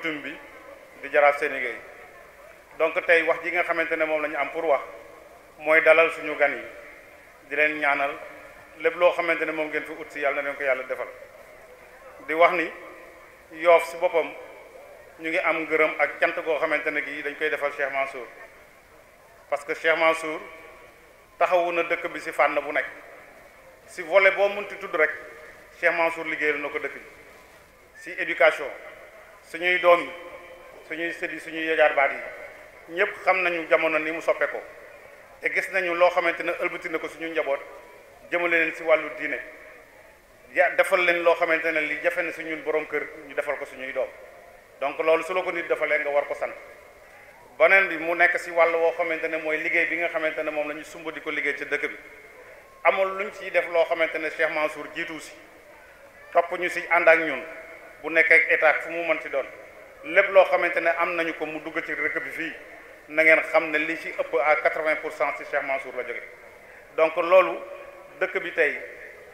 coutume bi di jaraaf seen liggéey donc tey wax ji nga xamante ne moom la ñu am pour wax mooy dalal suñu gan yi di leen ñaanal lépp loo xamante ne moom ngeen fi ut si yàlla na leen ko yàlla defal di wax ni yoof si boppam ñu ngi am ngërëm ak cant goo xamante ne gii dañ koy defal Cheikh Mansour parce que Cheikh Mansour taxawu na dëkk bi si fànn bu nekk si volet boo munti tudd rek Cheikh Mansour liggéeyal na ko dëkk bi si éducation suñuy doom yi suñuy sët yi suñuy yegaar baat yi ñëpp xam nañu jamono ni mu soppe ko te gis nañu loo xamante ne ëlbati na ko suñu njaboot jëmale leen si wàllu diine ya defal leen loo xamante ne li jafe na suñu borom kër ñu defal ko suñuy doom donc loolu su la ko nit defalee nga war ko sant beneen bi mu nekk si wàll woo xamante ne mooy liggéey bi nga xamante ne moom la ñu sumb di ko liggéey ci dëkk bi amul luñ ciy def loo xamante ne Cheikh Mansour jiitu si topp ñu si ànd ak ñun bu nekkee ak état fu mu mën ci doon lépp loo xamante am nañu ko mu dugg ci rëkk bi fii na ngeen xam ne li ci ëpp à 80 pour cent ci Cheikh Mansour la jóge donc loolu dëkk bi tey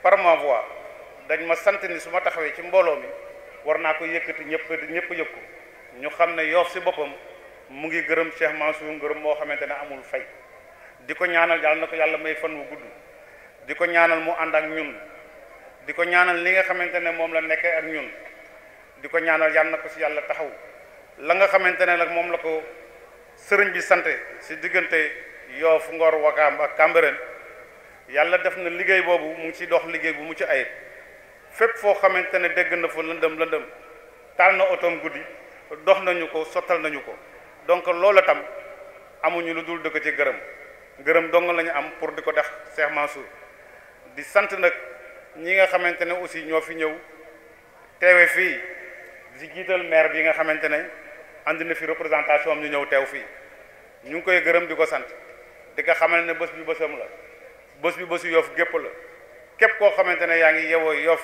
par ma voix dañ ma sant ni su ma taxawee ci mbooloo mi war naa ko yëkkati ñëpp ñëpp yëg ko ñu xam ne Yoff ci boppam mu ngi gërëm Cheikh Mansour ngërëm moo xamante amul fay di ko ñaanal yàlla na ko yàlla may fan wu gudd di ko ñaanal mu ànd ak ñun di ko ñaanal li nga xamante ne moom la nekkee ak ñun di ñaanal yalla na ko si yàlla taxaw la nga xamantene nak mom la ko serigne bi sante si diggante Yoff Ngor wakam ak Cambérène yalla def na liggey bobu mu ci dox liggey bu mu ci fépp fep fo xamantene dégg na fa lëndëm lëndëm tal na otoom guddi dox nañu ko sotal nañu ko donc loola tam amuñu lu dul dëkk ci gërëm gërëm dong lañu am pour diko def Cheikh Mansour di sante nak ñi nga xamantene aussi ñoo fi ñew téwé fii di jiital maire bi nga xamante ne andi na fi représentation am ñu ñëw teew fii ñu ngi koy gërëm di ko sant di ko xamal ne bés bi bésam la bés bi bésu yof gépp la képp koo xamante ne yaa ngi yewoo yof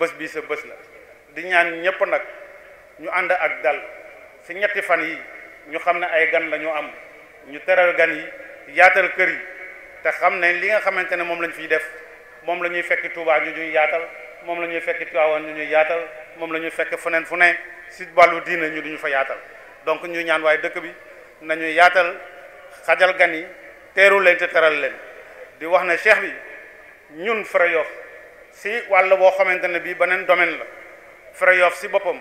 bés bi sa bés la di ñaan ñépp nag ñu ànd ak dal si ñetti fan yi ñu xam ne ay gan la ñu am ñu teral gan yi yaatal kër yi te xam ne li nga xamante ne moom lañ fiy def moom la ñuy fekki Touba ñu ñuy yaatal moom la ñuy fekki Tivaouane ñu ñuy yaatal moom la ñuy fekk fu neen fu ne si wàllu diine ñu duñu fa yaatal donc ñuy ñaan waaye dëkk bi nañuy yaatal xajal gan yi teeru leen te teral leen di wax ne cheikh bi ñun Fra si wàll boo xamante ne bii beneen domaine la Fra Yoff si boppam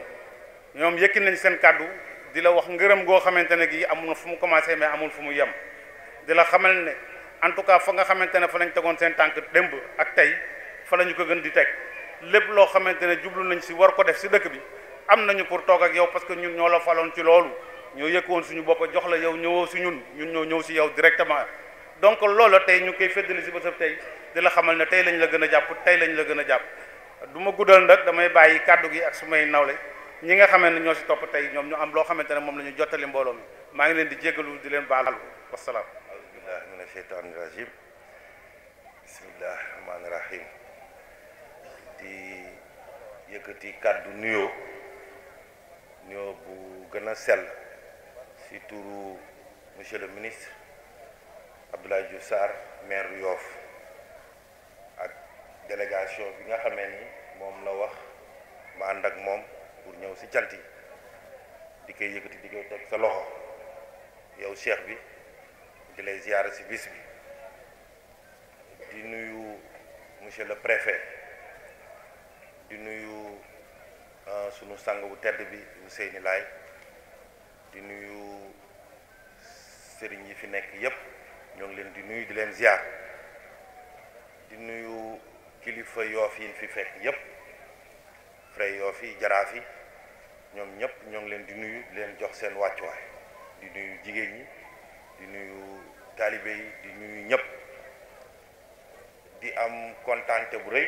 ñoom yëkki nañ seen kàddu di la wax ngërëm goo xamante ne gii amul fu mu commencé mais amul fu mu yem di la xamal ne en tout cas fa nga xamante ne fa lañ tegoon seen tànk démb ak tey fa la ñu ko gën di teg lepp loo xamante ne jublu nañ si war ko def si dëkk bi am nañu pour toog ak yow parce que ñun ñoo la faloon ci loolu ñoo yëkk woon suñu bopp jox la yow ñëwoo si ñun ñun ñoo ñëw si yow directement donc loola tey ñu koy feddali si bésab tey di la xamal ne tey lañ la gën a jàpp tey lañ la gën a jàpp du ma guddal nag damay bàyyi kàddu gi ak sumay nawle ñi nga xamante ne ñoo si topp tey ñoom ñu am loo xamante ne moom la ñu jottali mbooloo mi maa ngi leen di jéggalu di leen baalu wasalaam aousubillah mina bismillah rahim yëkkati kaddu nuyo nuyo bu gëna sel ci turu monsieur le ministre Abdoulaye Diouf Sarr maire Yoff ak délégation bi nga xamé ni mom la wax ma and ak mom pour ñëw ci cant di koy yëkëti di koy tek sa loxo yow cheikh bi di lay ziaré ci bis bi di nuyu monsieur le préfet di nuyu sunu sang bu tedd bi bu Seyni Laay di nuyu sëriñ yi fi nekk yépp ñoo ngi leen di nuyu di leen ziar di nuyu kilifa yoof yi fi fekk yépp frère yoof yi jaraaf yi ñoom ñépp ñoo ngi leen di nuyu di leen jox seen wàccuwaay di nuyu jigéen ñi di nuyu taalibe yi di nuyu ñépp di am kontaante bu rëy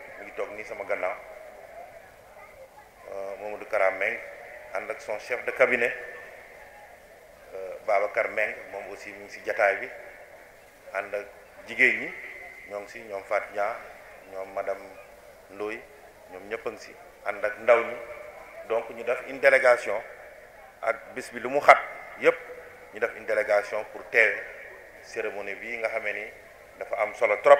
begitu ngi sama gana eh, Mamadou Kara karameng ànd ak son chef de cabinet eh, Babacar Meng mom aussi mi ci si bi ànd ak ñi ñom ci si fatia ñom madame ndoy ñom ñepp ngi si andak ak ndaw ñi donc ñu def une délégation ak bis bi lu mu xat yépp ñu def une délégation pour téré cérémonie bi nga xamé ni dafa am solo trop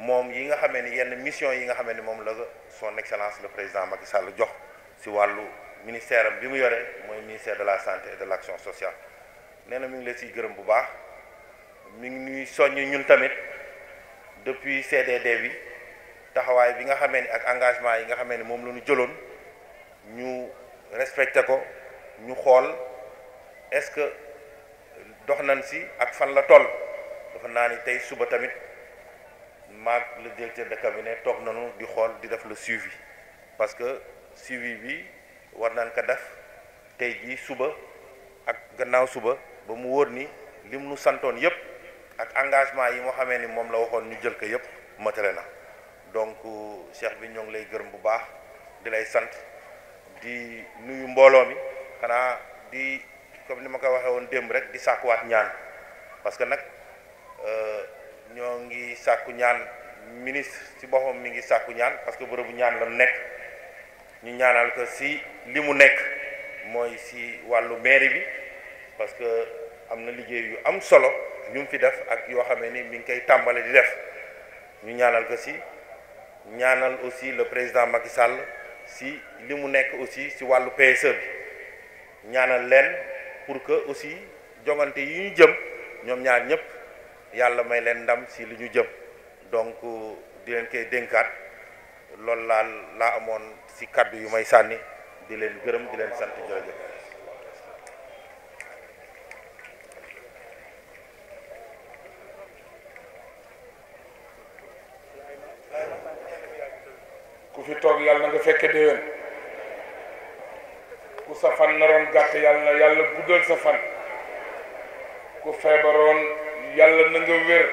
moom yi nga xamee ni yenn mission yi nga xamee ni moom la son excellence le président Macky Sall jox si wàllu ministère am bi mu yore mooy ministère de la santé et de l' sociale nee na mi ngi la siy gërëm bu baax mi ngi ñuy soññ ñun tamit depuis CDD bi taxawaay bi nga xame ni ak engagement yi nga xamee ni moom la jëloon ñu respecté ko ñu xool est-ce que dox nañ si ak fan la toll dafa naa ni tey suba tamit. mag le directeur de cabinet tok nañu di xol di def le suivi parce que suivi bi war nañ ko def tay ji suba ak gannaaw suba ba mu wor ni lim nu santone yep ak engagement yi mo xamé ni mom la waxone ñu jël ko yep matalé na donc euh, cheikh bi ñong lay gërëm bu baax di lay sant di nuyu mbolo mi xana di comme ni ma ko waxé won démb rek di wat ñaan parce que euh ñoo ngi sàkku ñaan ministre ci boppam mi ngi sàkku ñaan parce que bërëbu ñaan la nekk ñu ñaanal ko si li mu nekk mooy si wàllu maire bi parce que am na yu am solo ñu fi def ak yoo xamee ni mi ngi koy tàmbale di def ñu ñaanal ko si ñaanal aussi le président Macky Sall si li mu nekk aussi si walu PSE bi ñaanal leen pour que aussi jongante yi ñu jëm ñoom ñaar ñëpp yalla may len ndam si li jëm donc di len kay denkat lol la la amone si kàddu yu may sanni di len gërëm di len sant jërëjëf ku fi toog na nga fekke déwén ku sa ku yàlla na nga wér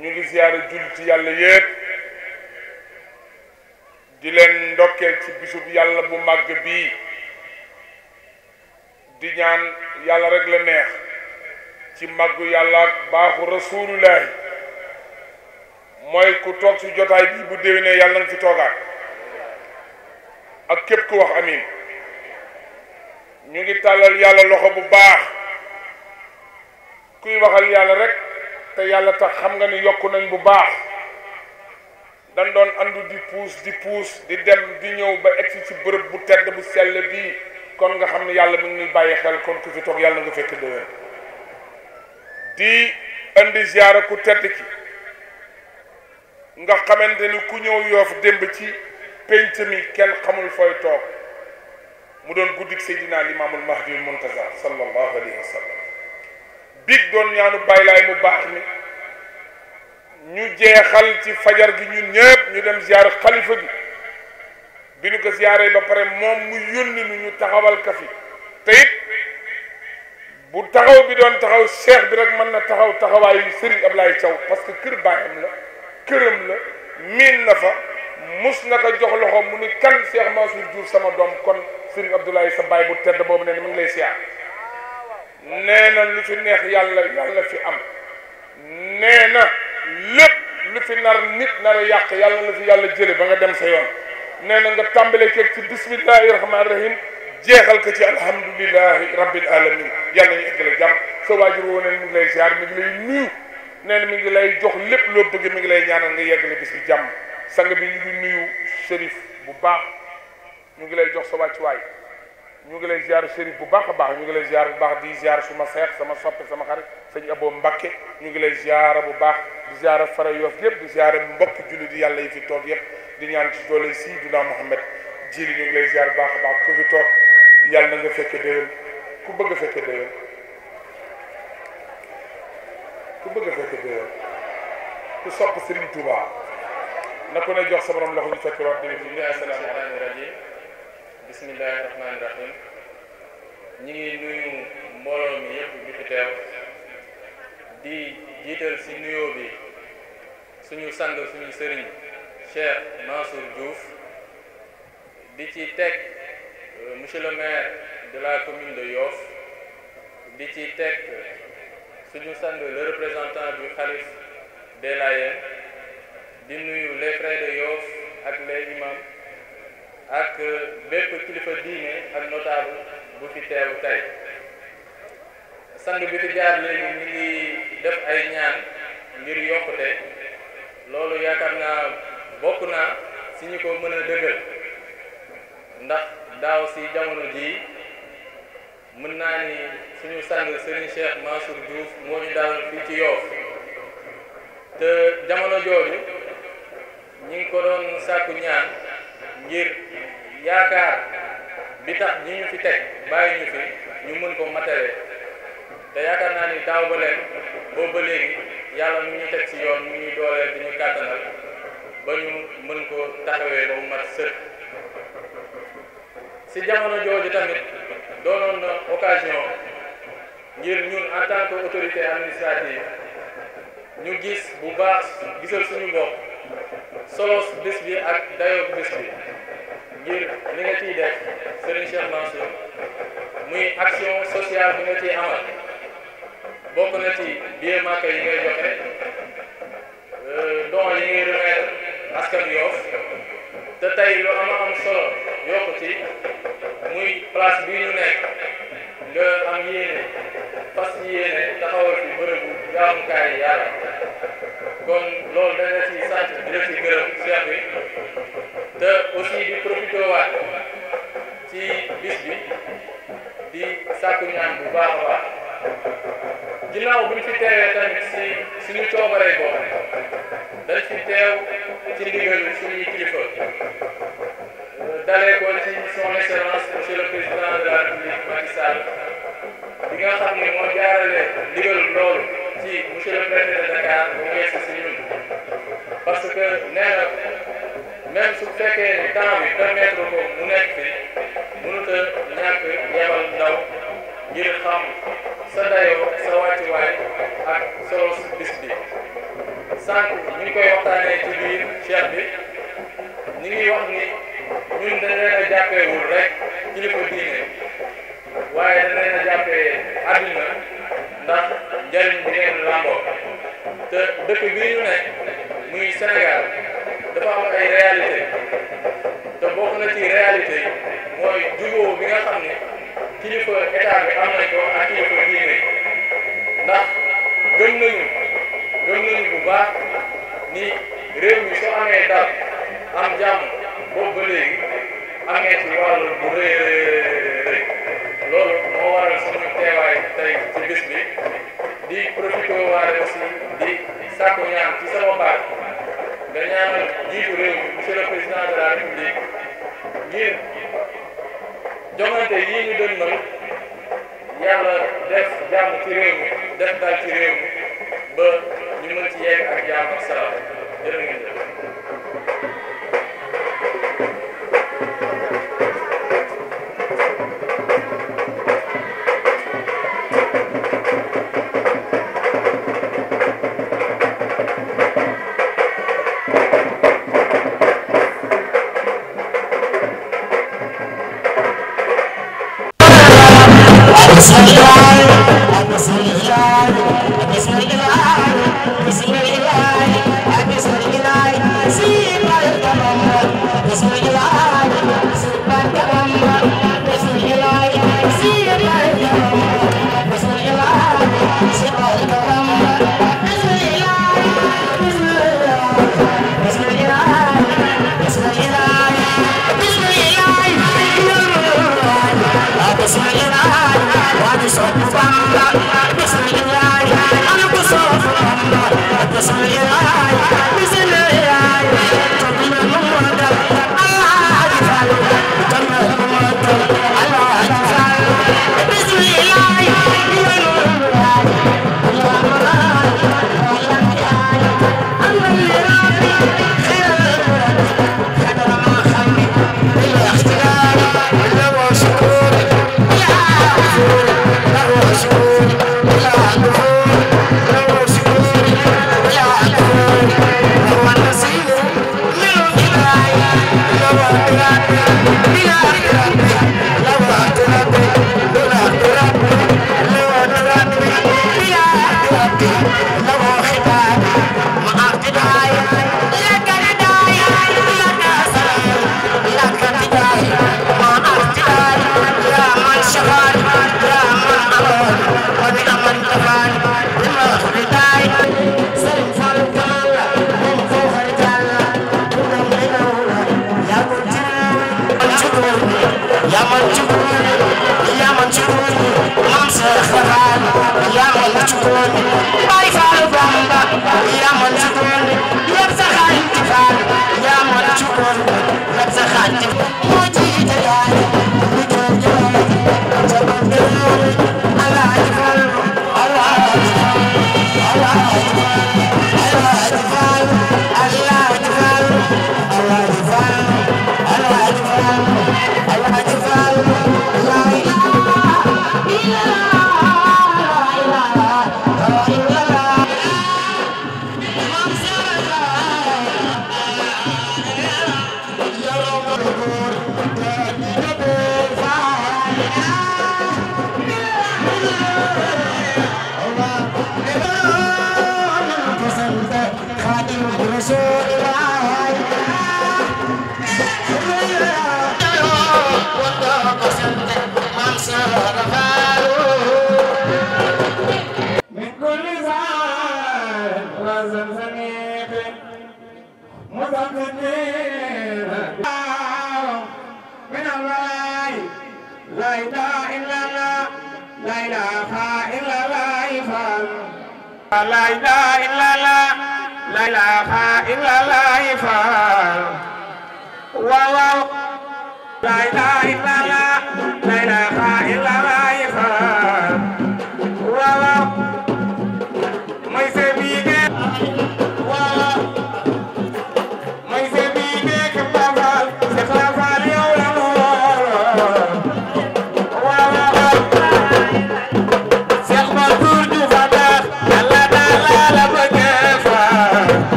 ñu ngi ziyaara jullit yàlla yépp di leen ndokkeel ci bisub yàlla bu màgg bii di ñaan yàlla rekk la neex ci màggu yàlla ak baaxu rasuulullaahi mooy ku toog ci jotaay bi bu déwénee yàlla na fi toogaat ak képp ku wax amin ñu ngi tàllal yàlla loxo bu baax kuy waxal yàlla rek te yàlla tax xam nga ni yokku nañ bu baax dañ doon andu di puus di puus di dem di ñëw ba egsi ci bërëb bu tedd bu sell bii kon nga xam ne yàlla mu ngi bàyyi xel kon ku fi toog yàlla nga fekk déwén di indi ziyaara ku tedd ki nga xamante ni ku ñëw yoof démb ci pénc mi kenn xamul fooy toog mu doon guddik Seydina Limaamul Mahdi Muntazar sallallahu alayhi wa sallam biig doon ñaanu bàyyi laay mu baax ni ñu jeexal ci fajar gi ñun ñëpp ñu dem ziar xalifa bi bi ñu ko ziaree ba pare moom mu yónni nu ñu taxawal ka fi te it bu taxaw bi doon taxaw cheikh bi rek mën na taxaw taxawaayu Serigne Ablaye Thiaw parce que kër baayam la këram la miin na fa mus na ko jox loxo mu ni kan Cheikh Mansour Diouf sama doom kon Serigne Abdoulaye sa baay bu tedd boobu ne ni mu ngi lay ziar. nee na lu fi neex yàlla yàlla fi am nee na lépp lu fi nar nit nar a yàq yàlla na fi yàlla jële ba nga dem sa yoon nee na nga tàmbalee keeg ci bismillahi rahmaani rahim jeexal ko ci alhamdulilahi rabbil alamin yàlla ñu eggale jàmm sa woo ne mi ngi lay ziar mi ngi lay nuyu mi ngi lay jox lépp loo bëgg mi ngi lay ñaanal nga yeggale bis bi jàmm sang bi ñu ngi nuyu shérif bu baax ñu ngi lay jox sa wàccuwaay ñu ngi lay ziar sëriñ bu baax a baax ñu ngi lay ziar bu baax di ziar suma seex sama soppe sama xarit sëñ Abo Mbakke ñu ngi lay ziar bu baax di ziar fara yoof yëpp di ziar mbokk julli di yàlla yi fi toog yëpp di ñaan ci doole si Duna Mohamed jili ñu ngi lay ziar bu baax a baax ku fi toog yàlla na nga fekke déwén ku bëgg a fekke déwén ku bëgg a fekke déwén ku sopp sëriñ Touba na ko ne jox sa borom loxo ñu fekk root déwén ñu ne asalaamaaleykum bismillahi rahmaani rahim ñi ngi nuyu mbooloo mi yëpp bi fi di jiital ci nuyoo bi suñu sang suñu sëriñ Cheikh Mansour Diouf di ci teg euh, monsieur le maire de la commune de Yoff di ci teg suñu sang le représentant du khalife des Layènes di nuyu le frères de Yoff ak les imams ak bépp kilifa diine ak notable bu fi teew tey sang bi fi jaar léegi ñu ngi def ay ñaan ngir yokkute loolu yaakaar naa bokk naa si ñu ko mën a dëggal ndax daaw si jamono jii mën naa ni suñu sang Serigne Cheikh Mansour moo ñu daal fii ci Yoff te jamono jooju ñu ngi ko doon sàkku ñaan ngir yaakaar bi tax ñi ñu fi teg bàyyi ñu fi ñu mën koo matale te yaakaar naa ni daaw ba leen boobu ba léegi yàlla mu ñu teg ci yoon mu ñu dooleel di ñu kàttanal ba ñu mën ko taxawee ba mu mat sëkk si jamono jooju tamit doonoon na occasion ngir ñun en tant que autorité administrative ñu gis bu baax gisal suñu bopp solos bis bi ak dayoo bis bi ngir li nga ciy def Serigne Cheikh muy accion sociale bi nga ciy amal bokk na ci biir màkk yi ngay joxe euh, don yi ngay remettre askan te tey lu am am solo yokk muy place bi ñu nekk nga am yéene fas yéene taxawal fi bërëbu jaamukaay yàlla kon loolu da nga ciy sant di la ci gërëm chef bi te aussi di profité waat ci bis bi di sàkku ñaan bu baax a baax ginnaaw bu ñu fi teewee tamit si suñu coobaree boobu dañ fi teew ci ndigalu suñuy kilifa dalee ko ci son excellence monsieur le président de la république Macky Sall bi nga xam ne moo jaarale ndigal loolu. ci monsieur le de Dakar bu mu yegg si ñun parce que nee na même su fekkee ne temps bi ko mu nekk fi mënut a ñàkk yebal ndaw ngir xam sa dayoo sa wàccuwaay ak solo si bis bi sànq ñu ngi koy waxtaanee ci biir chef bi ñu ngi wax ni ñun dañ leen a jàppeewul rek kilifa diine waaye dañ leen a jàppee àddina ndax jariñ bi ngeen làmboo te dëkk bii ñu ne muy Sénégal dafa am ay réalité te bokk na ci réalité mooy jubóo bi nga xam ne kilifa état bi am nañ ko ak kilifa diine ndax gëm nañu gëm nañu bu baax ni réew mi amee dal am jàmm boobu ba léegi amee ci wàllu bu rëy rëy rëy loolu moo waral suñu teewaay tey ci bis bi di profité waale aussi di sàkku ñaan ci sama baat nga ñaanal jiitu réew mi monsieur le président de la république ngir jongante yii ñu doon nal yàlla def jàmm def daal ci réew mi ba ñu mën ci yegg ak jàmm ak salaam shine. I am. Mira.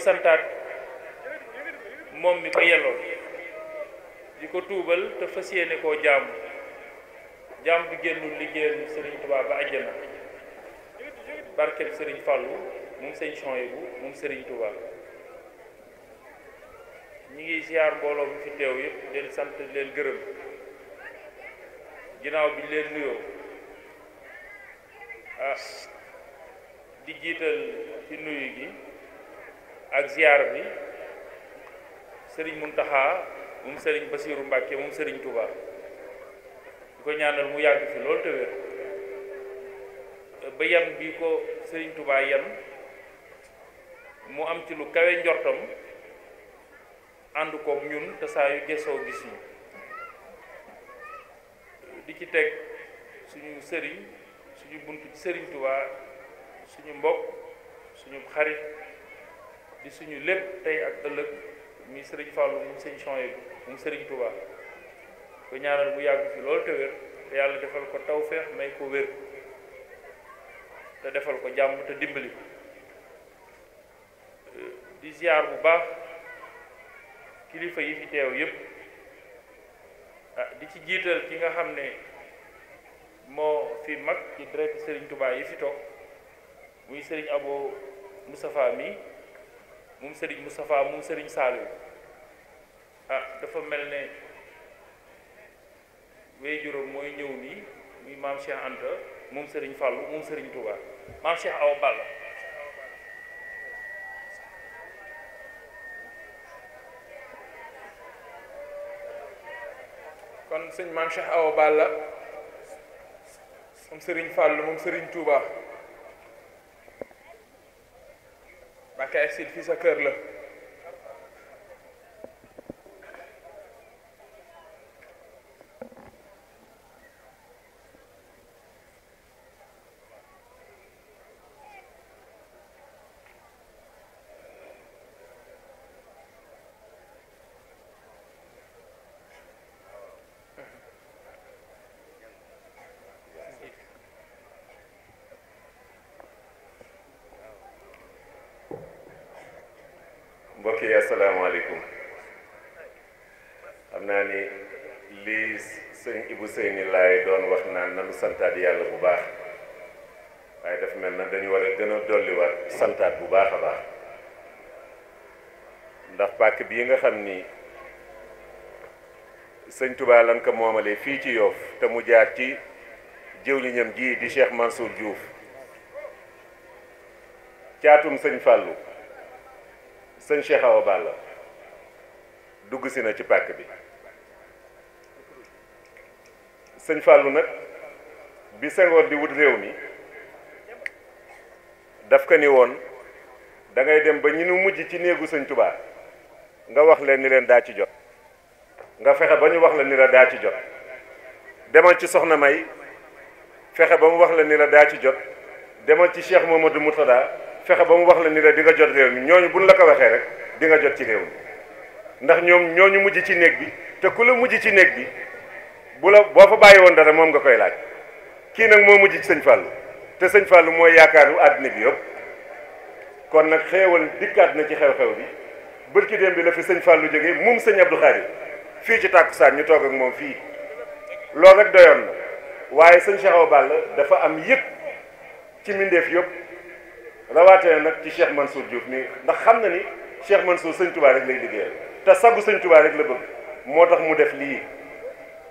santaat moom mi ko yelloon di ko tuubal te fas yéene koo jaamu jaam bi génnul liggéeyal sëriñ Tuubaa ba àjjana barkeb sëriñ Fàllu moom sëñ Chouaïbou moom sëriñ Tuubaa ñi ngi ziar mbooloo bi fi teew yëpp leen sant leen gërëm ginnaaw bi leen nuyoo ah di jiital ci nuyu gi ak ziar bi serigne muntaha mum serigne basirou Mbàkke mum serigne Touba ko ñaanal mu yagg fi lol te wer ba yam bi ko serigne Touba yam mu am ci lu kawé ndortam ànd ko ñun te sa yu gesso gis ñu di ci tek suñu serigne suñu buntu serigne Touba suñu mbokk suñu xarit di suñu lépp tey ak ëllëg muy sëriñ Fallou mu sëñ Chouaïb mu sëriñ Touba ko ñaanal mu yàgg fi loolu te wér te yàlla defal ko tawfeex may ko wér te defal ko jàmm te dimbali euh, di ziar bu baax kilifa yi fi teew yépp ah, di ci jiital ki nga xam ne moo fi mag ci direct sëriñ Touba yi fi toog muy sëriñ Abo Moustapha mi moom Serigne Moustapha moom Serigne Saliou ah dafa mel ne wéy juróom mooy ñëw nii muy maam Cheikh Anta moom Serigne Fallou moom Serigne Touba maam Cheikh Awa kon sëñ maam Cheikh Awa Balla moom Serigne Fallou moom Serigne Touba. Mbacke Aïsine fii sa kër la. santaat yàlla bu baax waaye daf mel na dañu war a dolliwaat santaat bu baax a baax ndax pàkk bii nga xam ni sëñ Touba lan ko moomale fii ci Yoff te mu jaar ci jëw jëwliñam ji di seex Mansour juuf caatum sëñ Fallou sëñ Cheikh Awa dugg si na ci pàkk bi sëñ Fallou nag bi Senghor di wut réew mi daf ko ni woon dangay dem ba ñi nu mujj ci néegu sëñ Tuubaa nga wax leen ni leen daa ci jot nga fexe ba ñu wax la ni la daa ci jot demal ci soxna May fexe ba mu wax la ni la daa ci jot demal ci Cheikh Mamadou Moutada fexe ba mu wax la ni la di nga jot réew mi ñooñu buñ la ko waxee rek di nga jot ci réew mi ndax ñoom ñooñu mujj ci néeg bi te ku la mujj ci néeg bi bu la boo fa bàyyi woon dara moom nga koy laaj kii nag moo mujj ci sëñ Fallou te sëñ Fallou mooy yaakaaru àddina bi yëpp kon nag xewal dikkaat na ci xew-xew bi ki dem bi la fi sëñ Fallou jógee moom sëñ Abdou Khadre fii ci tàkkusaan ñu toog ak moom fii loolu rek doyoon na waaye sëñ Cheikh Awa dafa am yëg ci mindeef yëpp rawaatee nag ci Cheikh Mansour Diouf mi ndax xam na ni Cheikh Mansour sëñ Touba rek lay liggéeyal te sagu sëñ Touba rek la bëgg moo tax mu def lii.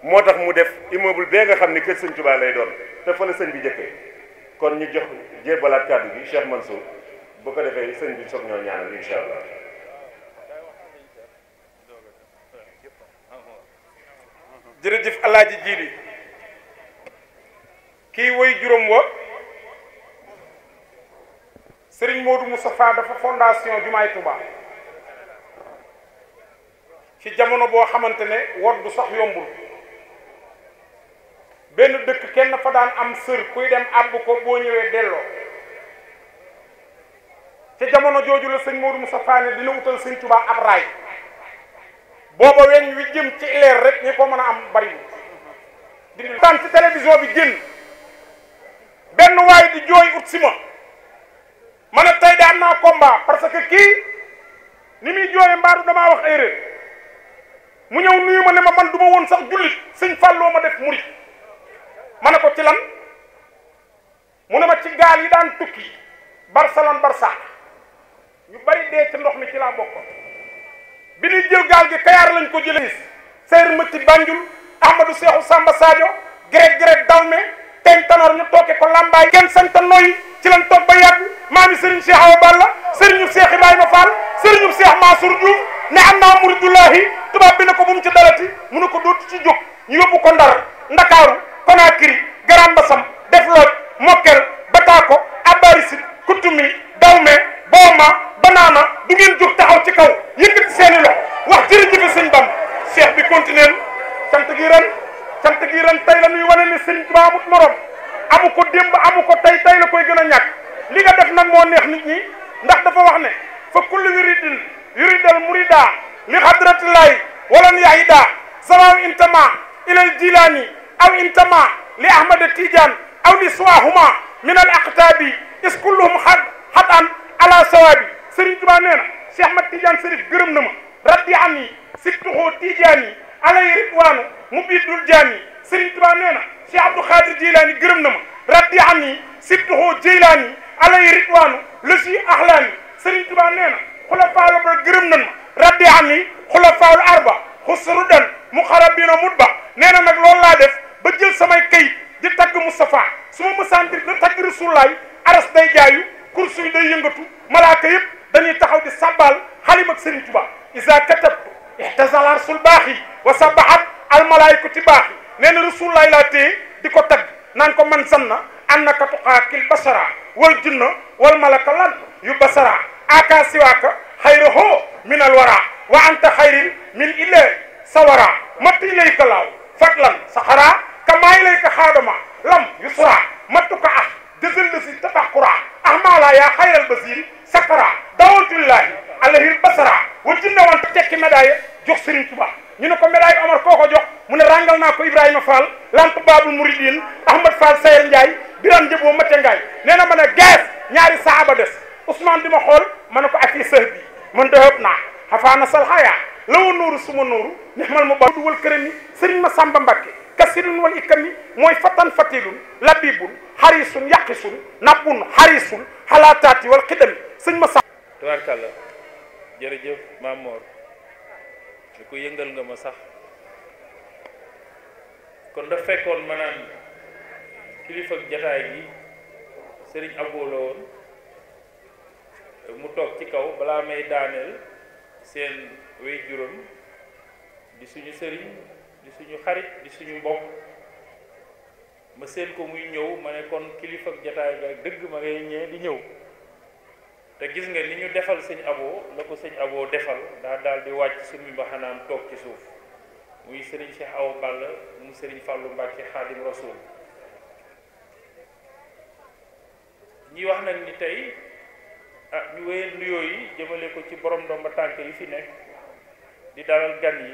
moo tax mu def immeuble bee nga xam ni kër sëñ Touba lay doon te fa la sëñ bi jëkkee kon ñu jox jébbalaat kàddu gi Cheikh Mansour bu ko defee sëñ bi soog ñoo ñaanal incha allah. jërëjëf alaaji jiili kii woy juróom wa Serigne Modou Moustapha dafa fondation Jumaay Touba ci jamono boo xamante ne wor du sax yombul benn dëkk kenn fa daan am sër kuy dem àbb ko boo ñëwee delloo ca jamono jooju la sëñ Modou Moustapha ne dina utal sëñ Touba ab raay booba weñ wi jëm ci ileer rek ñi ko mën a am bari dindi tan ci télévision bi génn benn waay di jooy ut si ma ma ne tey de am naa combat parce que kii ni muy jooyee mbaaru damaa wax erreur mu ñëw nuyu ma ne ma man du woon sax jullit sëñ Falloo ma def murit mën na ko ci lan mu ne ma ci gaal yi daan tukki Barcelone Barça ñu bari dee ci ndox mi ci laa bokkoon bi ñuy jël gaal gi Kayaar lañ ko jëlee. Seydou Mati Banjul Ahmadou Seexu Samba Sadio Greg Greg Dawme Teñ Tanor ñu tooke ko Lambaay kenn santa nooy ci lañ toog ba yàgg maami Serigne Cheikh Awa Balla Serigne Cheikh Ibrahima Fall Serigne Cheikh Mansour Diouf ne am naa muridullahi tubaab bi ne ko bu mu ci dalati mu ne ko dootu ci jóg ñu yóbbu ko ndar Ndakaaru. Conakry Grand Bassam Defloj Mokkel Batako Abarisid Kutumi Dawme Booma Banaana du ngeen jóg taxaw ci kaw yëkkati seeni loxo wax jërëjëf sëñ Bam cheikh bi continuer sant gi ren sant gi ren tey la ñuy wane ne sëñ Tuubaa amut morom ko démb amu ko tey tey la koy gën a ñàkk li nga def nag moo neex nit ñi ndax dafa wax ne fa kullu yuridin yuridal murida li xadratillahi walan yahida salaam intama ilal jilaani أو انتمى لأحمد التيجان أو لسواهما من الأقطاب is kulluhum xat xatan ala sawaabi Serigne Touba nee na Cheikh Ahmad Tidiane Serif gërëm na ma raddi an yi si tuxoo Tidiane yi alay ridwaanu mu biidul jaan yi Serigne Touba nee na Cheikh Abdou Khadir Jeylaani gërëm na ma raddi an yi si tuxoo Jeylaani yi alay ridwaanu le si axlaan yi Serigne Touba nee na xulafaalu ba gërëm nan ma raddi an yi xulafaalu arba xusrudan mu xarabina mut ba nee na nag loolu laa def ba jël samay kayit di tagg Moustapha su ma mësaan di la tagg Rasulaay aras day jaayu kursu day yëngatu malaaka yëpp dañuy taxaw di sàbbaal xalim ak Serigne Touba isa katab ihtazal arsul baax yi wa sabahat al malaayikati baax yi nee na Rasulaay laa di ko tagg naan ko man sanna annaka tuqaakil basara wal junna wal malaka lan yu basara aka siwaaka xayra hoo min al wara wa anta xayrin sa illee sawara matti ilayka laaw fadlan saxaraa kamaa ilayka xaadama lam yusra mattuka ah dësal la si tataxkura ahmaala yaa xayral basiri sakara dawatullahi alayhil basara wa jinne woon tekki médaille jox Serigne Touba ñu ne ko médaille Omar koo ko jox mu ne ràngal naa ko Ibrahima Fall lamp Babul Mouridine Ahmad Fall Sayer Ndiaye Birane Ndiabou Matia Ngaye nee na ma ne gees ñaari saaba des Ousmane di ma xool ma ne ko ak i sër bi man dëhëb naa xafaana salxaya ma ba duwal kasirun wal ikami moy fatan fatilun labibun harisun yaqisun nabun harisun halatati wal qidam sëñ ma sax jere jeuf ma mor ko yengal nga ma sax kon da fekkon ma kilifa jotaay gi sëriñ Abo la mu tok ci kaw bala may daaneel sen wéy jurum di suñu sëriñ suñu xarit di suñu mbokk ma seen ko muy ñëw ma ne kon kilifa jataay ga dëgg ma ngay ñee di ñëw te gis nga li ñu defal sëñ aboo la ko sëñ aboo defal daa daal di wàcc suñu mbaxanaam toog ci suuf muy sëriñ Cheikh Awa Balla mu sëriñ Fàllu Mbàkke Xaadim Rasuul ñi wax nag ni tey ah ñu wéyal nuyoo yi jëmale ko ci borom ndomba tànk yi fi nekk di dalal gan yi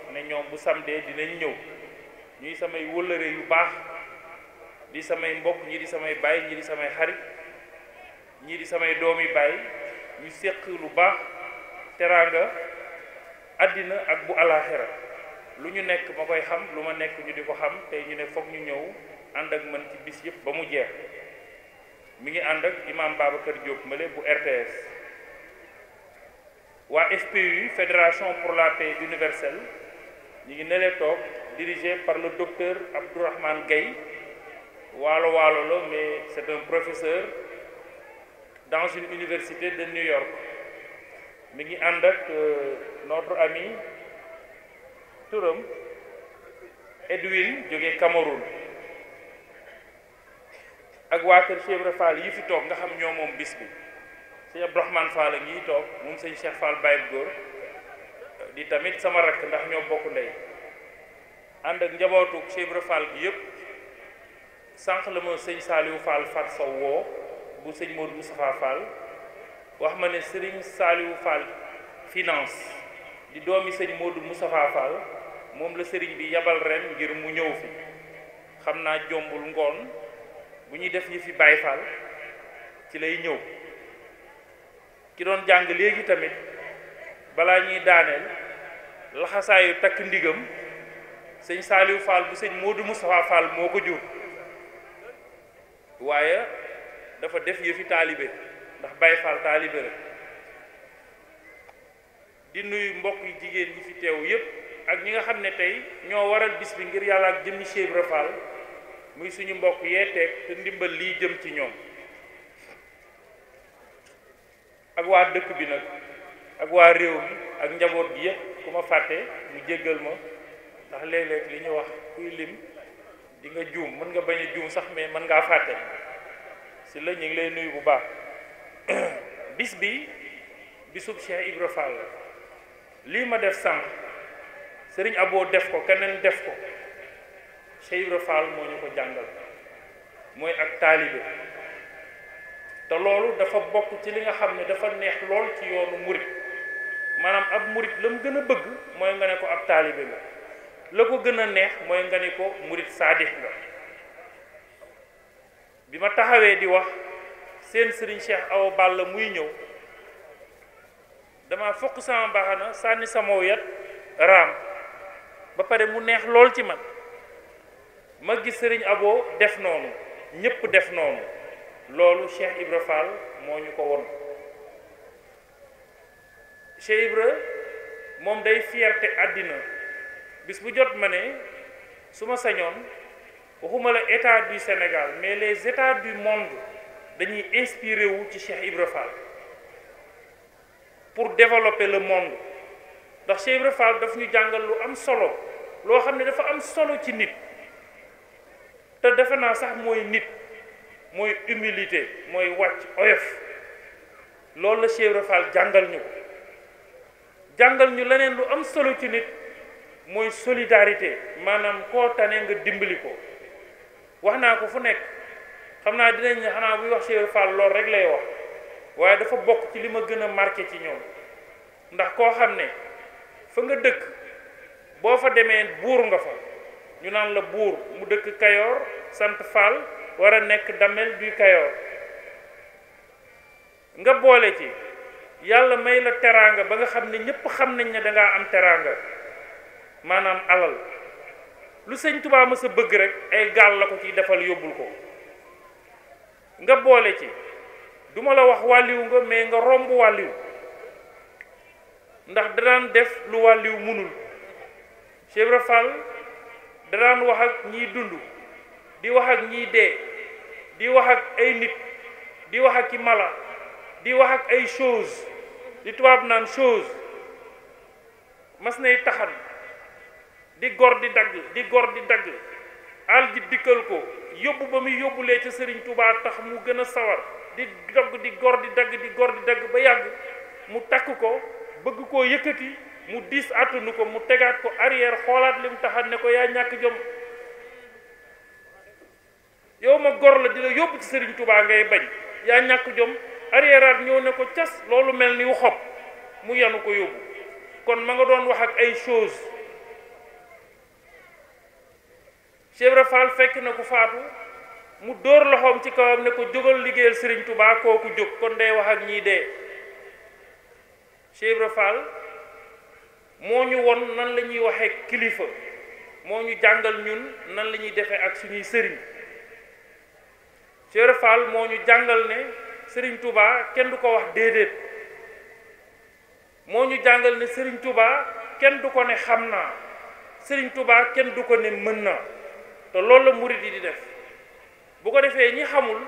ne ñoom bu samdee dinañ ñëw ñuy samay wëllëre yu baax di samay mbokk ñii di samay baay ñii di samay xarit ñii di samay doomi baay ñu séq lu baax teraanga àddina ak bu alaaxira lu ñu nekk ma koy xam lu ma nekk ñu di ko xam tey ñu ne foog ñu ñëw ànd ak mën ci bis yëpp ba mu jeex mu ngi ànd ak imam kër Diop male bu RTS waa FPU fédération pour la paix universelle ñu ngi nelee dirigé par le docteur Abdourahmane Gay. walo waalo mais c'est un professeur dans une université de New York mi ngi ànd ak euh, notre ami Touram Edwin jóge Cameroun ak wa kër Cheikh Ibra Fall yi fi toog nga xam ñoo mom bis bi sëñ Fall ngi toog moom sëñ Cheikh Fall Baye gor. di tamit sama rakk ndax ñoo bokk ndey ànd ak njabootu Cheikh Fall gi yëpp sànq la ma sëñ Saliou Fall Fat Sow woo bu sëñ Modou Moustapha wax ma ne sëriñ Saliou Fall finance di doomi sëñ Modou Moustapha moom la sëriñ bi yabal ren ngir mu ñëw fi xam naa jombul ngoon bu ñuy def yi fi Baye Fall ci lay ñëw ki doon jàng léegi tamit balaa ñuy daaneel laxasaayu takk ndigam sëñ Saaliw Fall bu sëñ Moodu Moustapha Fall moo ko jur waaye dafa def yëfi taalibe ndax Baye Fall taalibe rek di nuyu mbokk yi jigéen ñi fi teewu yépp ak ñi nga xam ne tey ñoo waral bis bi ngir yàlla ak jëmmi Cheikh Ibra Fall muy suñu mbokk yee teeg te ndimbal lii jëm ci ñoom ak waa dëkk bi nag ak wa rew mi ak njabot gi yepp kuma faté mu jéggal ma ndax léeg-léeg li ñu wax kuy lim di nga djum mën nga bañ djum sax mais mën nga faté si la ñu lay nuyu bu baax bis bi bisub Cheikh Ibra Fall ma def sank serigne abo def ko kenen def ko Cheikh Ibra Fall ñu ko jangal moy ak talibé te lolu dafa bokk ci li nga xamné dafa neex lool ci yoonu mouride manam ab murid lam gëna bëgg moy nga ne ko ab tali la la ko gëna neex moy nga ne ko murit sadiq la bima taxawé di wax seen serigne Cheikh Awa Balla muy ñëw dama fokk sama baxana sànni sama yat ram ba paré mu neex lool ci man ma gis serigne Abo def nonu ñepp def nonu lolou Cheikh Ibra Fall moñu ko won Cheikh monde moom day fierté bis bu jot ma suma sañon waxuma la état du Sénégal mais les états du monde dañuy inspiré wu ci Cheikh pour développer le monde ndax Cheikh Ibra Fall daf ñu jàngal lu am solo loo xam dafa am solo ci nit te sax nit humilité mooy wàcc oyof loolu la Cheikh jàngal ñu jàngal ñu leneen lu am solo ci nit mooy solidarité maanaam koo tane nga dimbali ko wax naa ko fu nekk xam naa dinañ xanaa muy wax Cheikh Fall loolu rek lay wax waaye dafa bokk ci li ma gën a marqué ci ñoom ndax koo xam ne fa nga dëkk boo fa demee buur nga fa ñu naan la buur mu dëkk Kayoor sant Fall war a nekk dammel du Kayoor nga boole ci yalla may la teranga ba nga xamni ñepp xam nañ ne am teranga, manam alal lu sëñ Tuubaa ma sa bëgg rek ay gal la ko ci defal yobul ko nga boole ci duma la wax waliw nga mais nga romb waliw ndax da daan def lu waliw munul Cheikh Ibra Fall da daan wax ak ñi dundu di wax ak ñi dee di wax ak ay nit di wax ak ki mala di wax ak ay chose di tubaab naan chose mas nay taxan di gor di dagg di gor di dagg àll ji dikkal ko yóbbu ba muy yóbbulee ca sëriñ Touba tax mu gën a sawar di di gor di dagg di gor di dagg ba yàgg mu takk ko bëgg koo yëkkati mu diis àttanu ko mu tegaat ko arrière xoolaat li mu taxan ne ko yaa ñàkk jom yow ma gor la di la yóbbu ci sëriñ Touba ngay bañ yaa ñàkk jom arriéraat ñëw ne ko cas loolu mel ni xob mu yanu ko yóbbu kon ma nga doon wax ak ay chose Cheikh fekk na ko faatu mu dóor loxoom ci kawam ne ko jógal liggéeyal sëriñ tubaab kooku jóg kon day wax ak ñii dee Cheikh Ibra Fall moo ñu won nan la ñuy waxee kilifa moo ñu jàngal ñun nan lañuy ñuy defee ak suñuy sëriñ Cheikh Ibra moo ñu jàngal ne sëriñ Touba kenn du ko wax déedéet moo ñu jàngal ne sëriñ Touba kenn du ko ne xam naa sëriñ tubaa kenn du ko ne mën na te loolu la murid yi di def bu ko defee ñi xamul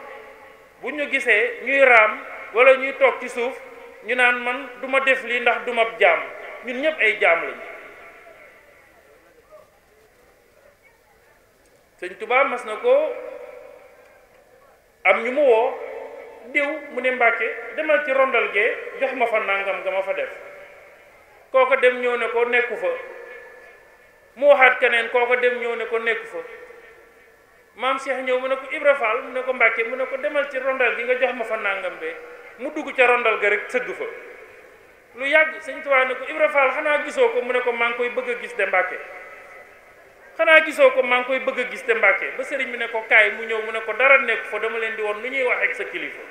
bu ñu gisee ñuy raam walla ñuy toog ci suuf ñu naan man duma def lii ndax du jàmm jaam ñun ñëpp ay jaam lañu sëñ tubaa mas na ko am ñu mu woo. diw mu ne mbàkke demal ci rondal gee jox ma fa nangam nga ma fa def kooko dem ñëw ne ko nekku fa mu waxaat keneen kooko dem ñëw ne ko nekku fa maam Cheikh ñëw mu ne ko Ibra Fall mu ne ko ne ko demal ci rondal gi nga jox ma fa nangam be mu dugg ca rondal ga rek sëgg fa lu yàgg sañ Tuubaa ne ko Ibra Fall xanaa gisoo ko mu ne ko maa ngi koy bëgg a gis de mbàkke xanaa gisoo ko maa ngi koy bëgg a gis te mbàkke ba sëriñ bi ne ko kaay mu ñëw mu ne ko dara nekku fa dama leen di woon nu ñuy wax ak sa kilifa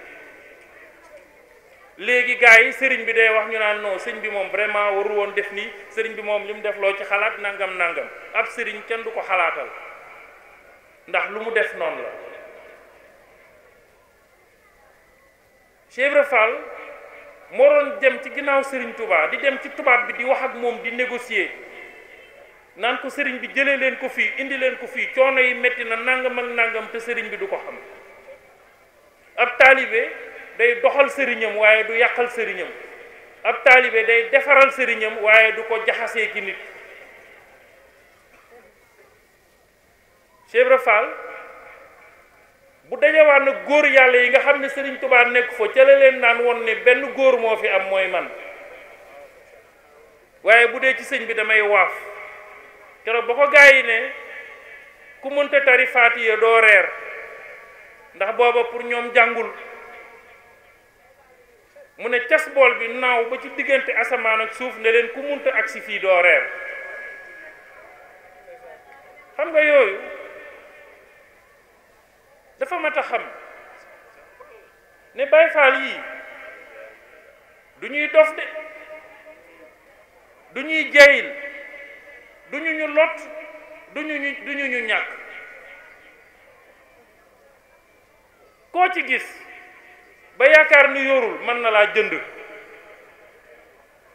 léegi gars sëriñ bi day wax ñu naan non sëñ bi moom vraiment warul woon def nii sëriñ bi moom li mu def loo ci xalaat nangam nangam ab sëriñ kenn du ko xalaatal ndax lu mu def noonu la Cheikh Ibra Fall moo doon dem ci ginnaaw sëriñ Touba di dem ci tubaab bi di wax ak moom di négocier naan ko sëriñ bi jëlee leen ko fii indi leen ko fii coono yi metti na nangam nangam te sëriñ bi du ko xam ab taalibe day doxal sëriñam waaye du yàqal sëriñam ab taalibe day defaral sëriñam waaye du ko jaxasee ki nit Fall bu dajawaan góor yàlla yi nga xam ne sëriñ Tuubaa nekk fa ca la leen naan woon ne benn góor moo fi am mooy man waaye bu dee ci sëñ bi damay waaf keroog ba ko gaa ne ku mënta tari faatiya doo reer ndax booba pour ñoom jàngul mu ne cas bool bi naaw ba ci diggante asamaan ak suuf ne leen ku munta agsi fii doo reer xam nga yooyu dafa mat a xam ne Baay Faal yii du ñuy dof de du ñuy jeyil du ñu ñu lot du ñu ñu du ñu ñu ñàkk koo ci gis ba yaakaar ni yorul man na laa jënd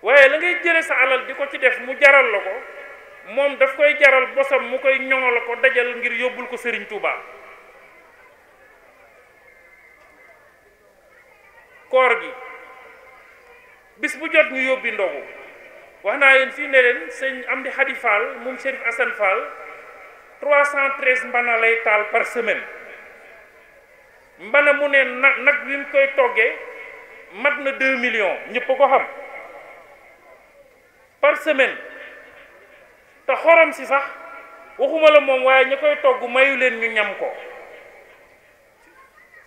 waaye la ngay jële sa alal di ci def mu jaral la ko moom daf koy jaral bosam mu koy ñoŋol ko dajal ngir yóbbul ko sëriñ Touba koor gi bis bu jot ñu yóbbi ndogu wax naa yéen fii ne leen sëñ Amdi hadifal Fall moom Assane Fall 313 mbana lay taal par semaine mbana mu ne nag nag wi mu koy toggee mat na deux million ñëpp a ko xam par semaine te xorom si sax waxuma la moom waaye ñu koy togg mayu leen ñu ñam ko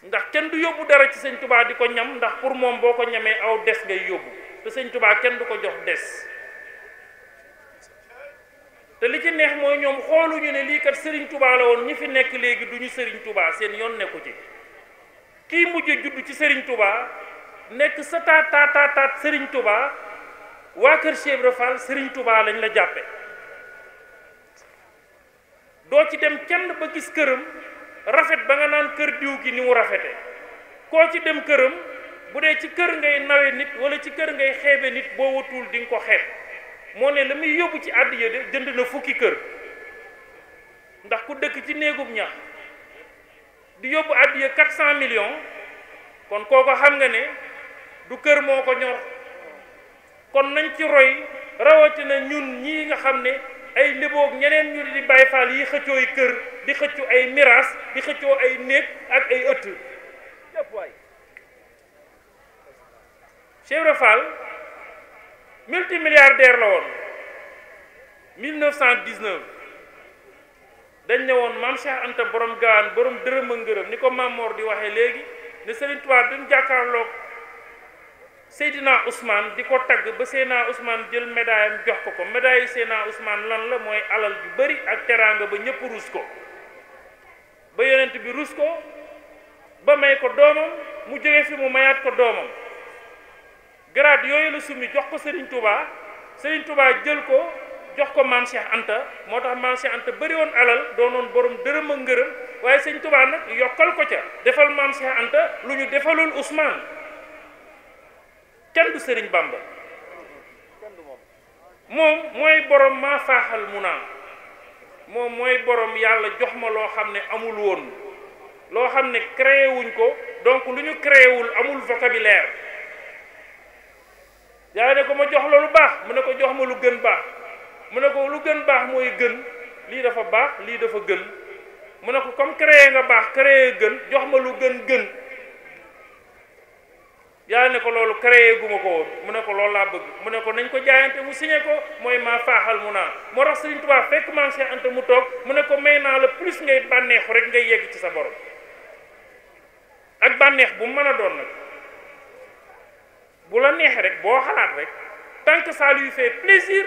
ndax kenn du yóbbu dara ci sëñ tubaa di ko ñam ndax pour moom boo ko ñamee aw des ngay yóbbu te sëñ tubaa kenn du ko jox des te li ci neex mooy ñoom xooluñu ne lii kat sëriñ tubaa la woon ñi fi nekk léegi du ñu sëriñ tubaa seen yoon nekku ci kii mujj juddu ci sëriñ Touba nekk sa taat taat taat taat Serigne waa Kër Cheikh Ibra Fall Serigne Touba lañ la jàppe doo ci dem kenn ba gis këram rafet ba nga naan kër diw gi ni mu rafete koo ci dem këram bu dee ci kër ngay nawe nit wala ci kër ngay xeebe nit boo watul di nga ko xeeb moo ne la muy yóbbu ci àddiya de jënd na fukki kër ndax ku dëkk ci néegub ñax di yóbbu addiya quatre cent millions kon kooko xam nga ne du kër moo ko ñor kon nañ ci roy rawatina ñun ñi nga xam ne ay liboog ñeneen ñu di Baay Faal yi xëccooy kër di xëccu ay miraas di xëccoo ay néeg ak ay ëtt Cheikh Ibra Fall multimilliardaire la woon 1919 dañ ne woon maam Cheikh Anta borom gaan borom dërëm ngërëm ni ko maam Mor di waxee léegi ne Serigne Touba dañ jàkkaarloog Seydina Ousmane di ko tagg ba seyna Ousmane jël médaille am jox ko ko médaille seyna Ousmane lan la mooy alal ju bari ak teranga ba ñëpp ruus ko ba yonent bi ruus ko ba may ko doomam mu jóge fi mu mayaat ko doomam grade yooyu la jox ko Serigne Touba Serigne Touba jël ko. jox ko maam Cheikh Anta moo tax maam Cheikh Anta bëri woon alal doonoon borom dërëm ak ngërëm waaye sëñ Tuubaa nag yokkal ko ca defal maam Cheikh Anta lu ñu defalul Ousmane kenn du Sëriñ Bamba moom mooy borom maa faaxal mu naa moom mooy borom yàlla jox ma loo xam ne amul woon loo xam ne créé wuñ ko donc lu ñu créé wul amul vocabulaire yaa de ko ma jox la lu baax mu ne ko jox ma lu gën baax. mu ko lu gën bax moy gën li dafa bax li dafa gën mu ko comme créer nga bax créer gën jox ma lu gën gën ya ne ko lolou créer guma ko woon mu ne ko loolu laa bëgg mu ko nañ ko jaayante mu signé ko moy ma faaxal mu naa moo tax serigne touba fekk ma ci ante mu tok ko plus ngay banex rek ngay yegg ci sa borom ak banex bu meuna doon nak bu la neex rek bo xalaat rek tant que ça lui fait plaisir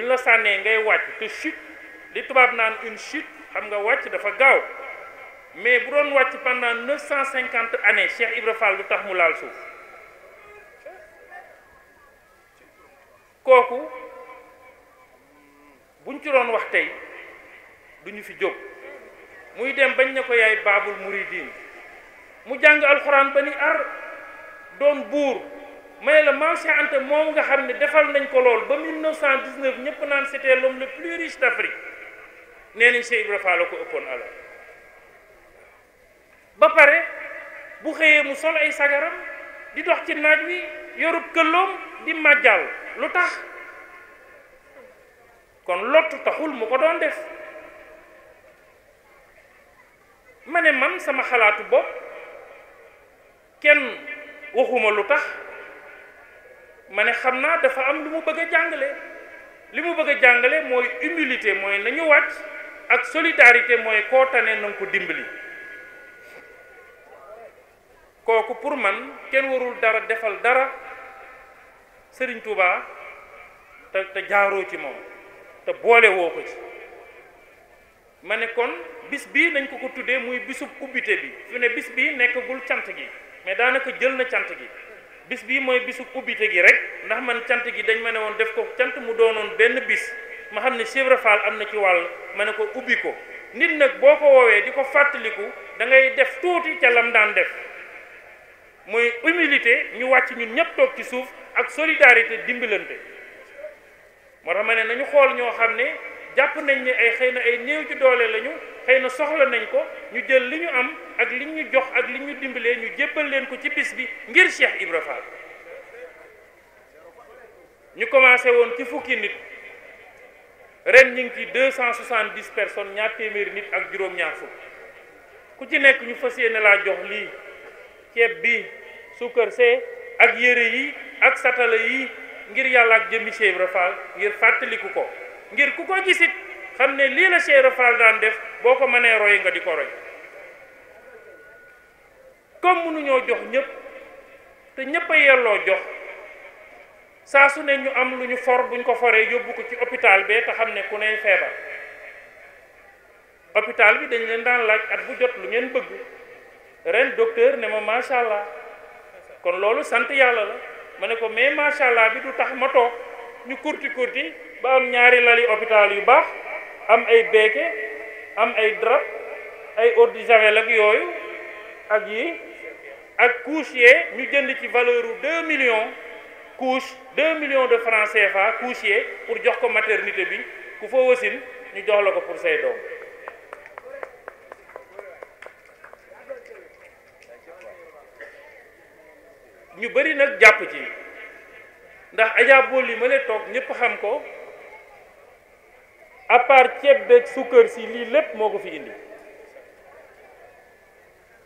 buñ na sànnee ngay wàcc te chute li tubaab naan une chute xam nga wàcc dafa gaaw mais bu doon wàcc pendant cent cinquante années Cheikh Ibra Fall lu tax mu laal suuf kooku buñ ci doon wax tey duñu fi jóg muy dem bañ ne ko yaay baabul muridin mu jàng alxuraan ba ni ar doon buur ma ne la Maam Cheikh Anta moom nga xam ne defal nañ ko lool ba 1919 ñëpp naan c'était l'homme le plus riche d'Afrique nee nañ Cheikh Ibra Fall la ko ëppoon alal ba pare bu xëyee mu sol ay sagaram di dox ci naaj wi yorub këlloom di màjjal lu tax kon lottu taxul mu ko doon def ma ne man sama xalaatu bopp kenn waxuma lu tax ma ne xam naa dafa am lu mu bëgg a jàngale li mu bëgg a jàngale mooy humilité mooy nañu wàcc ak solidarité mooy koo tane nañ nga ko dimbali kooku pour man kenn warul dara defal dara Sëriñ Tuuba te te jaaroo ci moom te boole woo ko ci ma ne kon bis bii nañ ko ko tuddee muy bisub ubbite bi fu ne bis bii nekkagul cant gi mais daanaka jël na cant gi bis bii mooy bisu ubbite gi rek ndax man cant gi dañ ma ne woon def ko cant mu doonoon benn bis ma xam ne Chèvre Fall am na ci wàll ma ne ko ubbi ko nit nag boo ko woowee di ko fàttaliku da ngay def tuuti ca lam daan def mooy humilité ñu wàcc ñun ñëpp toog ci suuf ak solidarité dimbalante moo tax ma ne nañu xool ñoo xam ne jàpp nañ ne ay xëy na ay néew ci doole lañu xëy na soxla nañ ko ñu jël li ñu am ak li ñu jox ak li ñu dimbalee ñu jébbal leen ko ci bis bi ngir Cheikh Ibra Fall ñu commencé woon ci fukki nit ren ñu ngi ci deux cent soixante dix personnes ñaar téeméeri nit ak juróom-ñaar fukk ku ci nekk ñu fas yéene laa jox lii ceeb bi suukar see ak yére yi ak satala yi ngir yàlla ak jëmmi Cheikh Ibra ngir fàttaliku ko ngir ku ko gisit xamne ne lila la Cheikh Fall daan def boko mané roy nga diko roy comme ñoo jox ñep te ñëpp a jox sa su ne ñu am lu ñu for buñ ko foré yobbu ko ci hôpital ta xamne ne ku ney feebar hôpital bi dañ leen daan laaj at bu jot lu ngeen bëgg ren docteur ne ma sha allah kon lolu sante yalla la ma ko mais sha allah bi du tax ma tok ñu kurti kurti ba am ñaari lali hôpital yu bax am ay beeke am ay drap ay eau de javel ak yooyu ak yi ak couche yee ñu jënd ci valeur u deux millions couche deux millions de francs CFA couche yee pour jox ko maternité bi ku fa wasin ñu jox la ko pour say doom ñu bëri nag jàpp ci ndax Adja Boly ma leen toog ñëpp xam ko a part ceeb beeg sukkër si li lepp moko fi indi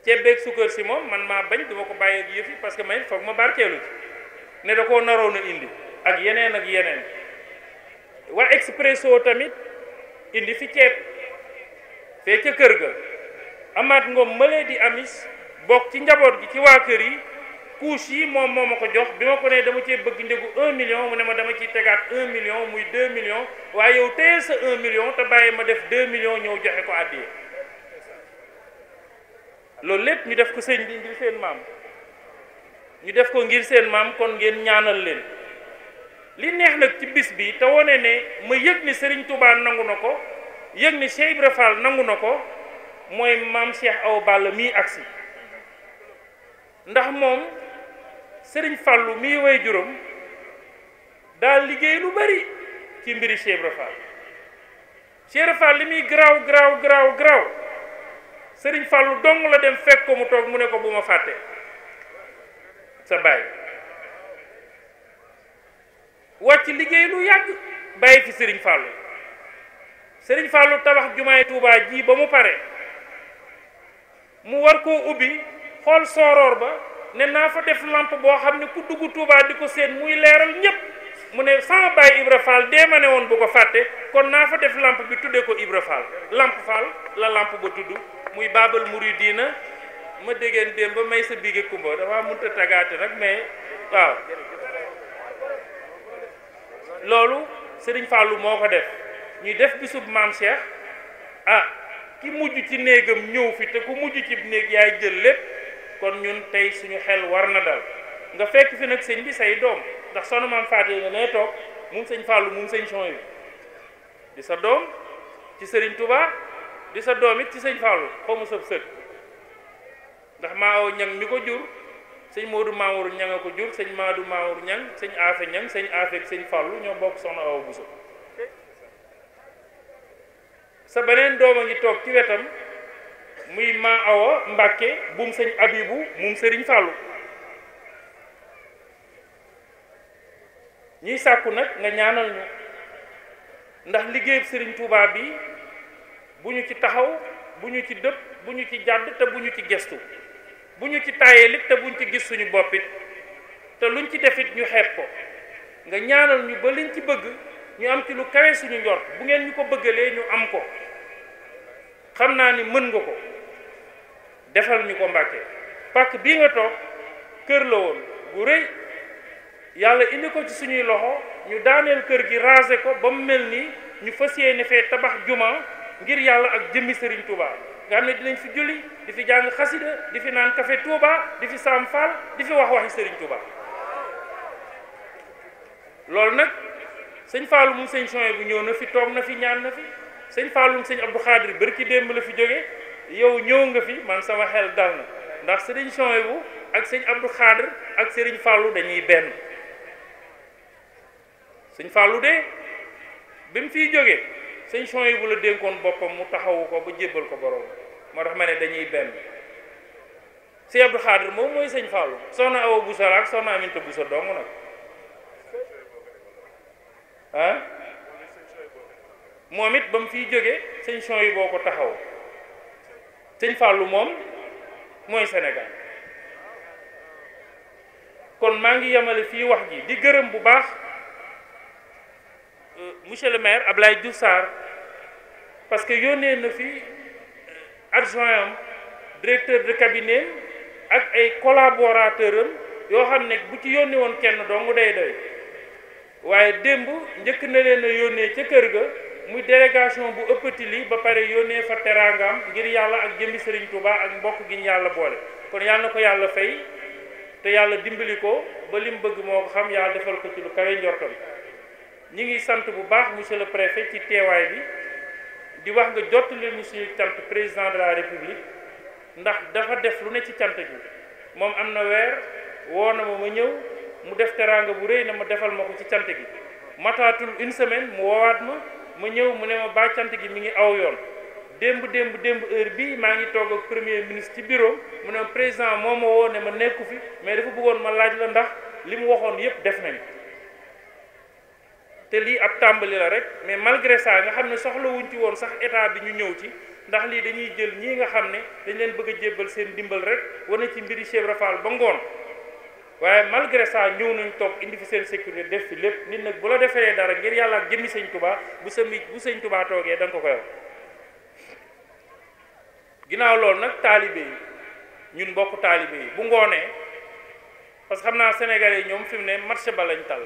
ceeb beeg sukkër si mom man ma bañ duma ko baye ak yefi parce que may fokk ma barkelu ci ne da ko naro na indi ak yenen ak yenen wa Expresso tamit indi fi ceeb fe ci keur ga amat ngom male di amis bok ci njabot gi ci wa kër yi couche yi moom moo ma ko jox bi ma ko nee dama un million mu ne ma dama ciy un million muy deux millions waaye yow téye un million te bàyyi ma def deux millions ñëw joxe ko àddiya loolu lépp ñu def ko sëñ bi ngir seen maam ñu def ko ngir seen maam kon ngeen ñaanal leen li neex nag ci bis bi te wone ne ma yëg ni Serigne Touba nangu na ko yëg ni Cheikh nangu na Cheikh Balla mii ndax sëriñ fàllu mii way juróom daal liggéey lu bari ci mbiri Cheikh Ibra Fall Cheikh li muy garaaw garaaw garaaw garaaw sëriñ fàllu dong la dem fekk ko mu toog mu ne ko fàtte sa bàyyi wàcc liggéey lu yàgg bàyyi fi sëriñ fàllu sëriñ fàllu tabax jumaay Tuubaa ji ba mu pare mu war koo ubbi xool sooroor ba ne naa fa def lampe boo xam ne ku dugg tuubaa di ko seen muy leeral ñëpp mu ne sama baay Ibra Fall dee ma ne woon bu ko fàtte kon naa fa def làmp bi tuddee ko Ibra Fall lampe Fall la làmp ba tudd muy Babal Mouridina ma déggeen démb ba may sa bige kumba dafa munta tagaate nag mais waaw loolu Serigne Fallou moo ko def ñuy def bisub maam Cheikh ah ki mujj ci néegam ñëw fi te ku mujj ci néeg yaay jël lépp kon ñun tey suñu xel war na dal nga fekk fi nag sëñ bi say doom ndax sonu maam Fatou nga nee toog moom sëñ Fallou moom sëñ son di sa doom ci sëriñ Touba di sa doom it ci sëñ Fallou xaw ma sëb sët ndax Maawo Ñang mi ko jur sëñ Modou Mamour Ñang a ko jur sëñ Madou Mamour ñan sëñ Afe Ñang sëñ Afe sëñ Fallou ñoo bokk soxna Awa Bousso sa beneen doom a ngi toog ci wetam. muy maa awa mbàkke bum sëñ abibu mu sëriñ fàllu ñiy sàkku nag nga ñaanal ñu ndax liggéeyub sëriñ Touba bi bu ñu ci taxaw bu ñu ci dëpp bu ñu ci jàdd te bu ñu ci gestu bu ñu ci tàyyeelit te buñ ci gis suñu boppit te luñ ci defit ñu xeeb ko nga ñaanal ñu ba liñ ci bëgg ñu am ci lu kawe suñu njort bu ngeen ñu ko bëggalee ñu am ko xam naa ni mën nga ko defal ñu ko Mbàkke pàkk bii nga toog kër la woon bu rëy yàlla indi ko ci suñuy loxo ñu daaneel kër gi raser ko ba mu mel ni ñu fas yéene fee tabax juma ngir yàlla ak jëmmi sëriñ Touba nga xam ne dinañ fi julli di fi jàng xasida di fi naan café Touba di fi saam faal di fi wax waxi sëriñ Touba loolu nag sëñ Fallou mu sëñ Soye bu ñëw na fi toog na fi ñaan na fi sëñ Fallou mu sëñ Abdou Khadir ki démb la fi jógee. yow ñëw nga fi man sama xel dal na ndax sëriñ bu ak sëñ Abdou Khadr ak sëriñ Fallou dañuy benn sëñ Fallou de bim fi joge jógee sëñ bu la denkon bopam mu taxaw ko ba jébal ko borom mo tax mané dañuy benn sëñ Abdou Khadr moom moy sëñ Fallou soxna Awa Bousso ak soxna Aminta Bousso dong nak, ah moom it ba mu fiy jógee boko taxaw dañ Fallou moom mooy Sénégal kon maa ngi yemale fii wax ji di gërëm bu baax euh, monsieur le maire Ablaye Diouf Sarr parce que yónnee na fi euh, adjoint am directeur de cabinet ak ay collaborateur am yoo xam ne bu ci yónnee woon kenn dong day doy waaye démb njëkk na leen yónnee ca kër ga muy délégation bu ëppati li ba pare yónnee fa teraangam ngir yàlla ak jëmbi sëriñ Touba ak mbokk gi ñu yàlla boole kon yàlla na ko yàlla fay te yàlla dimbali ko ba li mu bëgg moo xam yaa defal ko ci lu kawe njortam ñi ngi sant bu baax monsieur le préfet ci teewaay bi di wax nga jot leen monsieur cant président de la république ndax dafa def lu ne ci cant gi moom am na weer woo na ma ma ñëw mu def teraanga bu rëy na ma defal ma ko ci cant gi mataatul une semaine ma ñëw mu ne ma ba cant gi mi ngi aw yoon démb démb démb heure bii maa ngi toog ak premier ministre ci bureau mu ne président moo ma woo ne ma nekku fi mais dafa bëggoon ma laaj la ndax li mu waxoon yépp def nañ te lii ab tàmbali la rek mais malgré ça nga xam ne soxlawuñ ci woon sax état bi ñu ñëw ci ndax lii dañuy jël ñii nga xam ne dañ leen bëgg a seen dimbal rek wane ci mbiri chef Rafal ba ngoon waaye malgré ça ñëw nañu toog indi fi seen sécurité def fi lépp nit nag bu la defee dara ngir yàlla ak jëmmi sëñ tubaa bu sëmi bu sëñ tubaa toogee da ko koy wax ginnaaw lool nag taalibe yi ñun bokk taalibe yi bu ngoonee parce que xam naa sénégalais ñoom fi mu ne marché ba lañ tal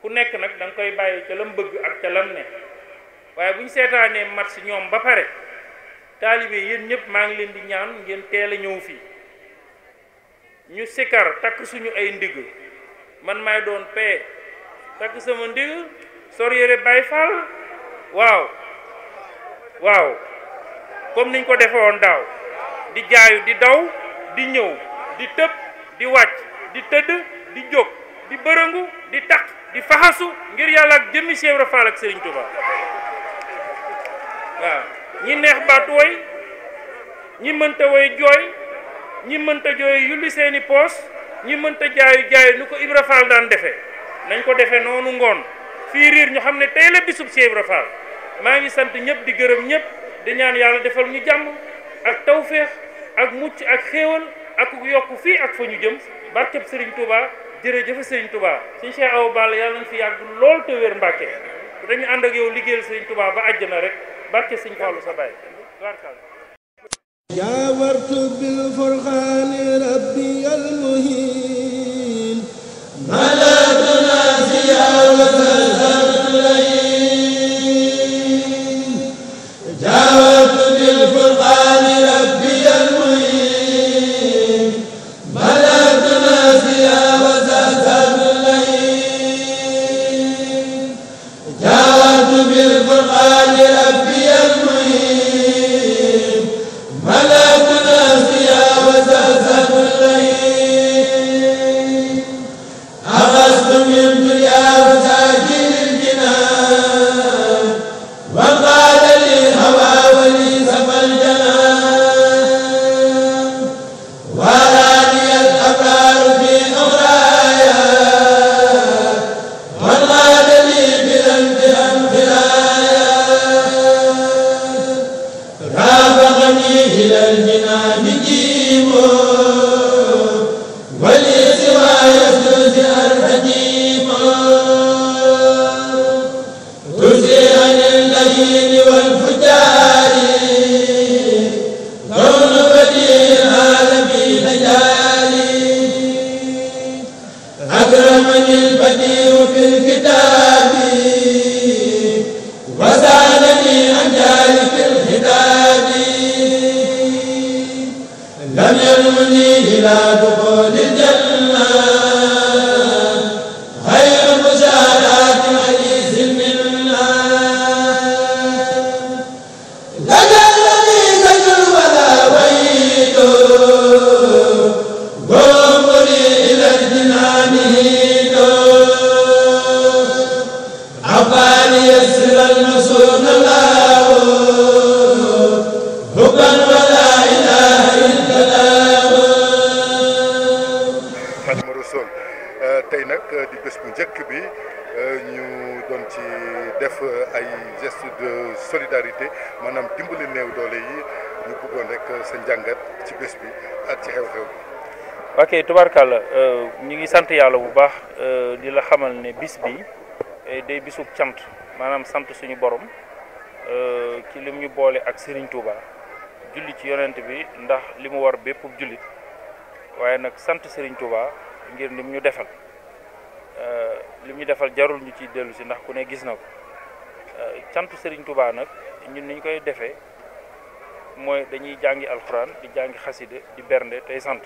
ku nekk nag da koy bàyyi ca lam bëgg ak ca lam ne waaye buñ seetaanee match ñoom ba pare taalibe yéen ñëpp maa ngi leen di ñaan ngeen teel a ñëw fii ñu sikar tak suñu ay ndig man may doon pé tak sama ndig sor yere bay fal waw waw comme niñ ko defoon daw di jaayu di daw di ñew di tepp di wacc di tedd di jog di bërëngu di tak di fahasu ngir yalla ak jëmmi Cheikh Ibra Fall ak Serigne Touba waw ñi neex ba toy ñi mënta way joy ñi mënta jooy yulli seeni poos ñi mënta jaayu jaayu nu ko Ibra Fall daan defee nañ ko defee noonu ngoon fii riir ñu xam ne tey la bisub si Ibra Fall maa ngi sant ñëpp di gërëm ñëpp di ñaan yàlla defal ñu jàmm ak tawféex ak mucc ak xéewal ak yokk fii ak fa ñu jëm barkeb Serigne Touba jërëjëf Serigne Touba suñu Cheikh Awa Balla yàlla nañ fi yàgg lool te wér Mbàkke dañu ànd ak yow liggéeyal Serigne Touba ba àjjana rek barke Serigne Fallou sa baay جاورت بالفرقان ربي المهين ملاذنا زيارة tubarkàlla euh, ñu ngi sant yàlla bu baax euh, di la xamal ne bis bi euh, day cant maanaam sant suñu borom ci lim ñu boole ak Serigne Touba julli ci yonent bi ndax li mu war bépp jullit waaye nag sant sëriñ Touba ngir lim ñu defal lim ñu defal jarul ñu ciy dellu si ndax ku ne gis na ko cant sëriñ Touba nag ñun niñ koy defee mooy dañuy jàngi alxuraan di jàngi xasida di bernde tey sant.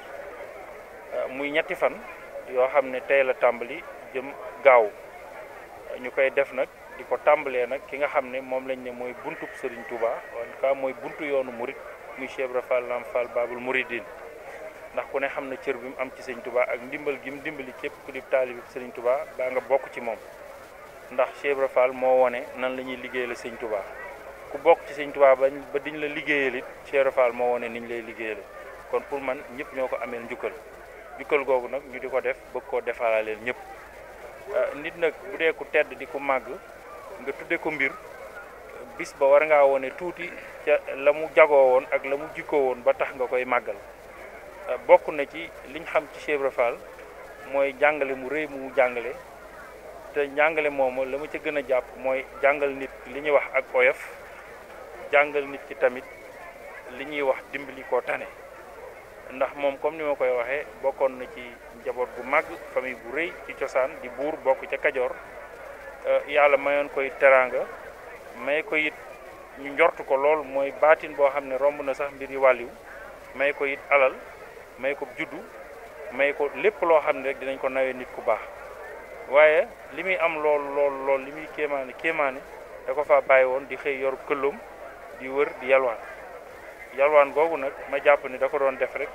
Euh, muy ñetti fan yoo xam ne tey la tàmbali jëm gaaw ñu koy def nag di ko tàmbalee nag ki nga xam ne moom lañ ne mooy buntu sëriñ Touba en tout mooy buntu yoonu murit muy Cheikh Ibra Fall Lam Fall Babul Mouridine ndax ku ne xam na cër bi mu am ci Serigne Touba ak ndimbal gi mu dimbali cépp ku di taalibi Serigne Touba baa nga bokk ci moom ndax Cheikh Ibra moo wone nan la ñuy liggéeyal Serigne Touba ku bokk ci Serigne Touba bañ ba diñ la liggéeyal it Cheikh Ibra moo wone niñ lay liggéeyal kon pour man ñëpp ñoo ko ameel njukkal jukkal googu nag ñu di ko def bëgg koo defaraleel ñëpp euh, nit nag bu dee ku tedd di ku màgg nga tudde ko mbir bis ba war nga wone tuuti ca la mu jagoo woon ak la mu jikkoo woon ba tax nga koy màggal euh, bokk na ci liñ xam ci Cheikh Ibra mooy jàngale mu rëy mu jàngale te jàngale moomu la ma ca gën a jàpp mooy jàngal nit li ñuy wax ak oyof jàngal nit ki tamit li ñuy wax dimbali koo tane ndax moom comme ni ma koy waxee bokkoon na ci njaboot bu mag famille bu rëy ci cosaan di buur bokk ca Kajoor euh, yàlla mayoon koy teraanga may ko it ñu njort ko lool mooy baatin boo xam ne romb na sax mbir yu wàlliw may ko it alal may ko juddu may ko lépp loo xam ne rek dinañ ko nawee nit ku baax waaye li muy am lool lool lool li muy kéemaane kéemaane da ko fa bàyyi woon di xëy yor këlloom di wër di yalwaan Yalwan gogou nak ma japp ni da ko def rek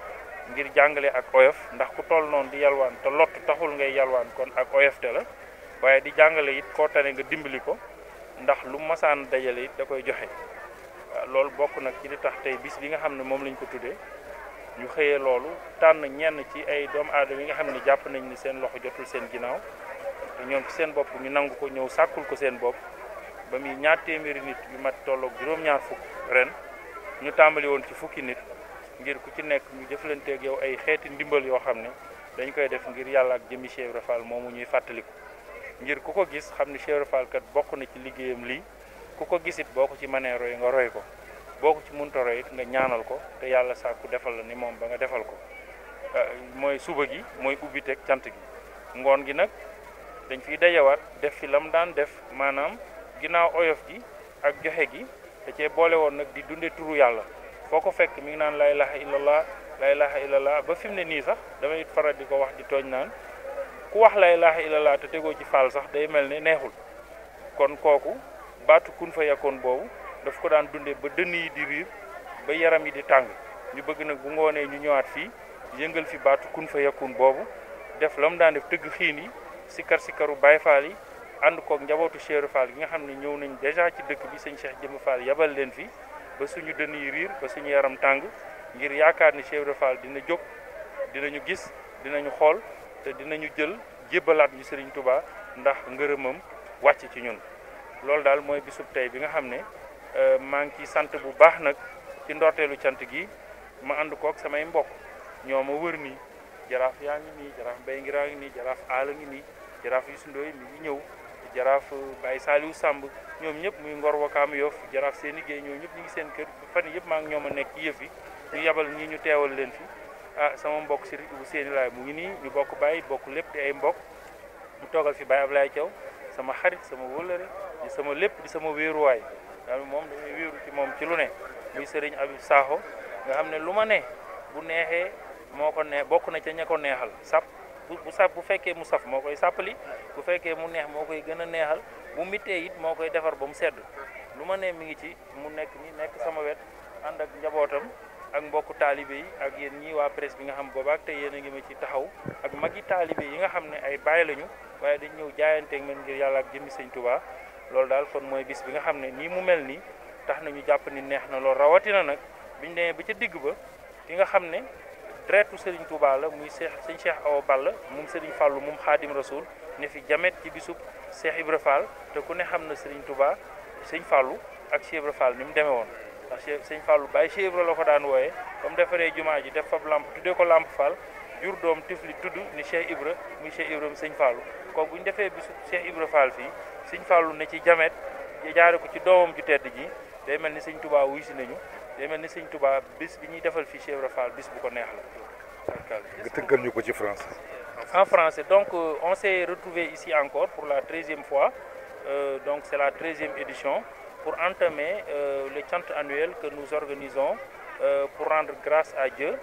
ngir jangale ak oyof ndax ku toll non di Yalwan, te lot taxul ngay yalwan kon ak oyof te la waye di jangale it ko tane nga dimbali ko ndax lu masaan dajale yit da koy joxe lol bok nak ci li tax tay bis bi nga xamne mom lañ ko tuddé ñu xeyé lolou tan ñenn ci ay doom aadama yi nga xamne japp nañ ni seen loxo jotul seen ginaaw te ñoom ci seen bop ñu nangu ko ñew sakul ko seen bop ba ñaar téeméeri nit yu mat juroom ñaar fuk ren ñu tàmbali woon ci fukki nit ngir ku ci nekk ñu jëflanteeg yow ay xeeti ndimbal yoo xam ne dañ koy def ngir yàlla ak jëmi Cheikh Ibra Fall moomu ñuy fàttaliku ngir ku ko gis xam ne Cheikh Ibra Fall kat bokk na ci liggéeyam lii ku ko gis it boo ko ci mënee roy nga roy ko boo ko ci munta roy nga ñaanal ko te yàlla sàkku defal la ni moom ba nga defal ko euh, mooy suba gi mooy ubbi teg cant gi ngoon gi nag dañ fiy dajawaat def fi lam daan def maanaam ginnaaw oyof gi ak joxe gi da cee boole woon nag di dundee turu yàlla foo ko fekk mi ngi naan laa ilaha illallah laa ilaha illallah ba fi mu ne nii sax damay faral di ko wax di tooñ naan ku wax laa ilaha illallah te tegoo ci faal sax day mel ne neexul kon kooku baatu kun fa yakkoon boobu daf ko daan dundee ba dënn yi di riir ba yaram yi di tàng ñu bëgg nag bu ngoonee ñu ñëwaat fii yëngal fi baatu kun fa yakkoon boobu def la mu daan def tëgg xiin yi sikkar sikkaru baay faal yi ànd kook njabootu Cheikh Fall gi nga xam ne ñëw nañ dèjà ci dëkk bi sëñ Cheikh Jëmm Fall yabal leen fi ba suñu dënn yi riir ba suñu yaram tàng ngir yaakaar ni Cheikh Fall dina jóg dinañu gis dinañu xool te dinañu jël jébbalaat ñu Serigne Touba ndax ngërëmam wàcc ci ñun loolu daal mooy bisub tey bi nga xam ne euh, maa ngi ciy sant bu baax nag ci ndorteelu cant gi ma ànd koog samay mbokk ñoo ma wër nii jaraaf yaa ngi nii jaraaf mbay ngiraa ngi nii jaraaf aala ngi nii jaraaf yu sundooy mi ñëw jaraaf Baye Saliou sàmb ñoom ñëpp muy Ngor Wakaam Yoff jaraaf seen liggéey ñoom ñëpp ñu ngi seen kër fan yëpp maa ngi ñoom a nekk ci yëf yi ñu yabal ñi ñu teewal leen fi ah sama mbokk si bu seeni laay mu ngi nii ñu bokk bàyyi bokk lépp di ay mbokk mu toogal fi Baye laay Thiaw sama xarit sama wëllëre di sama lépp di sama wéeruwaay daal moom damay wéeru ci moom ci lu ne muy sëriñ Abib Sakho nga xam ne lu ma ne bu neexee moo ko ne bokk na ca ña neexal sap bu bu saf bu fekkee mu saf moo koy sàppali bu fekkee mu neex moo koy gën a neexal bu mittee it moo koy defar ba mu sedd lu ma ne mi ngi ci mu nekk ni nekk sama wet ànd ak njabootam ak mbokku taalibe yi ak yéen ñii waa presse bi nga xam boobaak te yéen a ngi ci taxaw ak magi taalibe yi nga xam ne ay bàyyi lañu waaye dañ ñëw jaayanteeg man ngir yàlla ak jëmmi sëñ Tuubaa loolu daal kon mooy bis bi nga xam ne nii mu mel nii tax nañu jàpp ni neex na lool rawatina nag biñ demee ba ca digg ba ki nga xam ne deretu Serigne Touba la muy Cheikh Serigne Cheikh Awa Balla moom Serigne Fallou moom Xaadim Rasoul ne fi jamet ci bisub Cheikh Ibra Fall te ku ne xam na Serigne Touba Serigne fallu ak Cheikh Ibra Fall ni mu demee woon ndax Cheikh Serigne Fallou bàyyi ko daan wooyee comme defaree jumaa ji def fab lamp tuddee ko lamp Fall jur doom tifli tudd ni Cheikh Ibra muy Cheikh Ibra Serigne Fallou kooku bu ñu defee bisub Cheikh Ibra Fall fii Serigne Fallou ne ci jamet jaare ko ci doomam ju tedd ji day mel ni Serigne Touba wuy si nañu day mel ni bis la. en français donc euh, on s'est retrouvé ici encore pour la treizième fois euh, donc c'est la 13e édition pour entamer euh, le chant annuel que nous organisons euh, pour rendre grâce à Dieu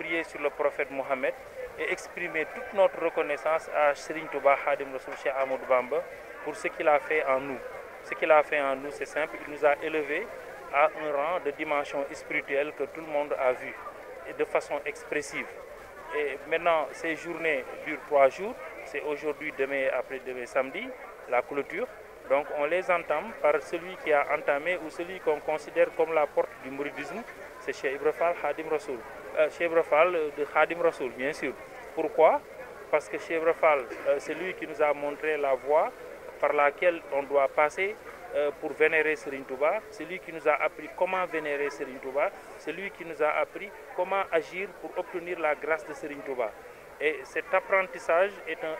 prier sur le prophète Mohammed et exprimer toute notre reconnaissance à Serigne Touba hadim rasoul Cheikh Amadou Bamba pour ce qu'il a fait en nous ce qu'il a fait en nous c'est simple il nous a élevés a un rang de dimension spirituelle que tout le monde a vu et de façon expressive. Et maintenant, ces journées durent trois jours. C'est aujourd'hui, demain, après-demain, samedi, la clôture. Donc on les entame par celui qui a entamé ou celui qu'on considère comme la porte du mouridisme, c'est Cheikh Ibrafal Hadim Rasoul. Euh, Cheikh euh, de Hadim Rasoul, bien sûr. Pourquoi Parce que Cheikh Ibrah euh, c'est lui qui nous a montré la voie par laquelle on doit passer euh, pour vénérer Serigne Touba, c'est lui qui nous a appris comment vénérer Serigne Touba, c'est lui qui nous a appris comment agir pour obtenir la grâce de Serigne Touba. Et cet apprentissage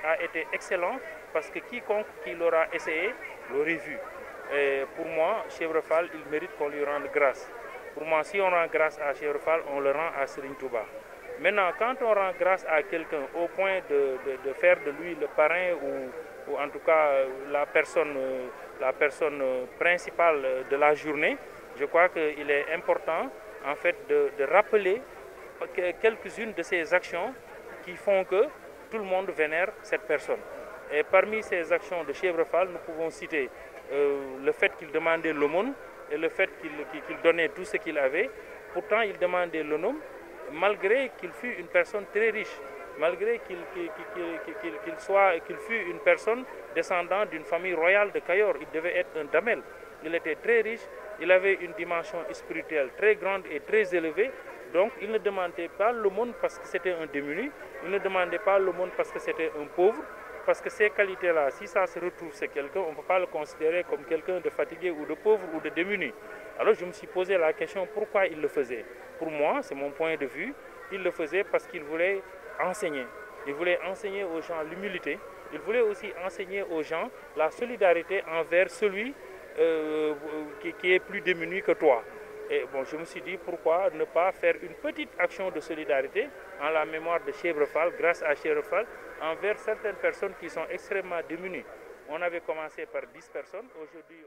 a été excellent parce que quiconque qui l'aura essayé l'aurait vu. Et pour moi, Chevrefal, il mérite qu'on lui rende grâce. Pour moi, si on rend grâce à Chevrefal, on le rend à Serigne Touba. Maintenant, quand on rend grâce à quelqu'un au point de faire de lui le parrain ou ou en tout cas euh, la personne, euh, la personne euh, principale de la journée, je crois qu'il est important en fait de, rappeler quelques-unes de ces actions qui font que tout le monde vénère cette personne. Et parmi ces actions de Chevrefal, nous pouvons citer le fait qu'il demandait l'aumône et le fait qu'il donnait tout ce qu'il avait. Pourtant, il demandait l'aumône malgré qu'il fût une personne très riche malgré qu'il soit, qu'il fût une personne descendant d'une famille royale de Cayor. Il devait être un damel. Il était très riche, il avait une dimension spirituelle très grande et très élevée. Donc il ne demandait pas le monde parce que c'était un démuni, il ne demandait pas le monde parce que c'était un pauvre, parce que ces qualités-là, si ça se retrouve c'est quelqu'un, on ne peut pas le considérer comme quelqu'un de fatigué ou de pauvre ou de démuni. Alors je me suis posé la question pourquoi il le faisait. Pour moi, c'est mon point de vue, il le faisait parce qu'il voulait enseigner. Il voulait enseigner aux gens l'humilité. Il voulait aussi enseigner aux gens la solidarité envers celui euh, qui, est plus démuni que toi. Et bon, je me suis dit pourquoi ne pas faire une petite action de solidarité en la mémoire de Chebrefal, grâce à Chebrefal, envers certaines personnes qui sont extrêmement démunies. On avait commencé par 10 personnes, aujourd'hui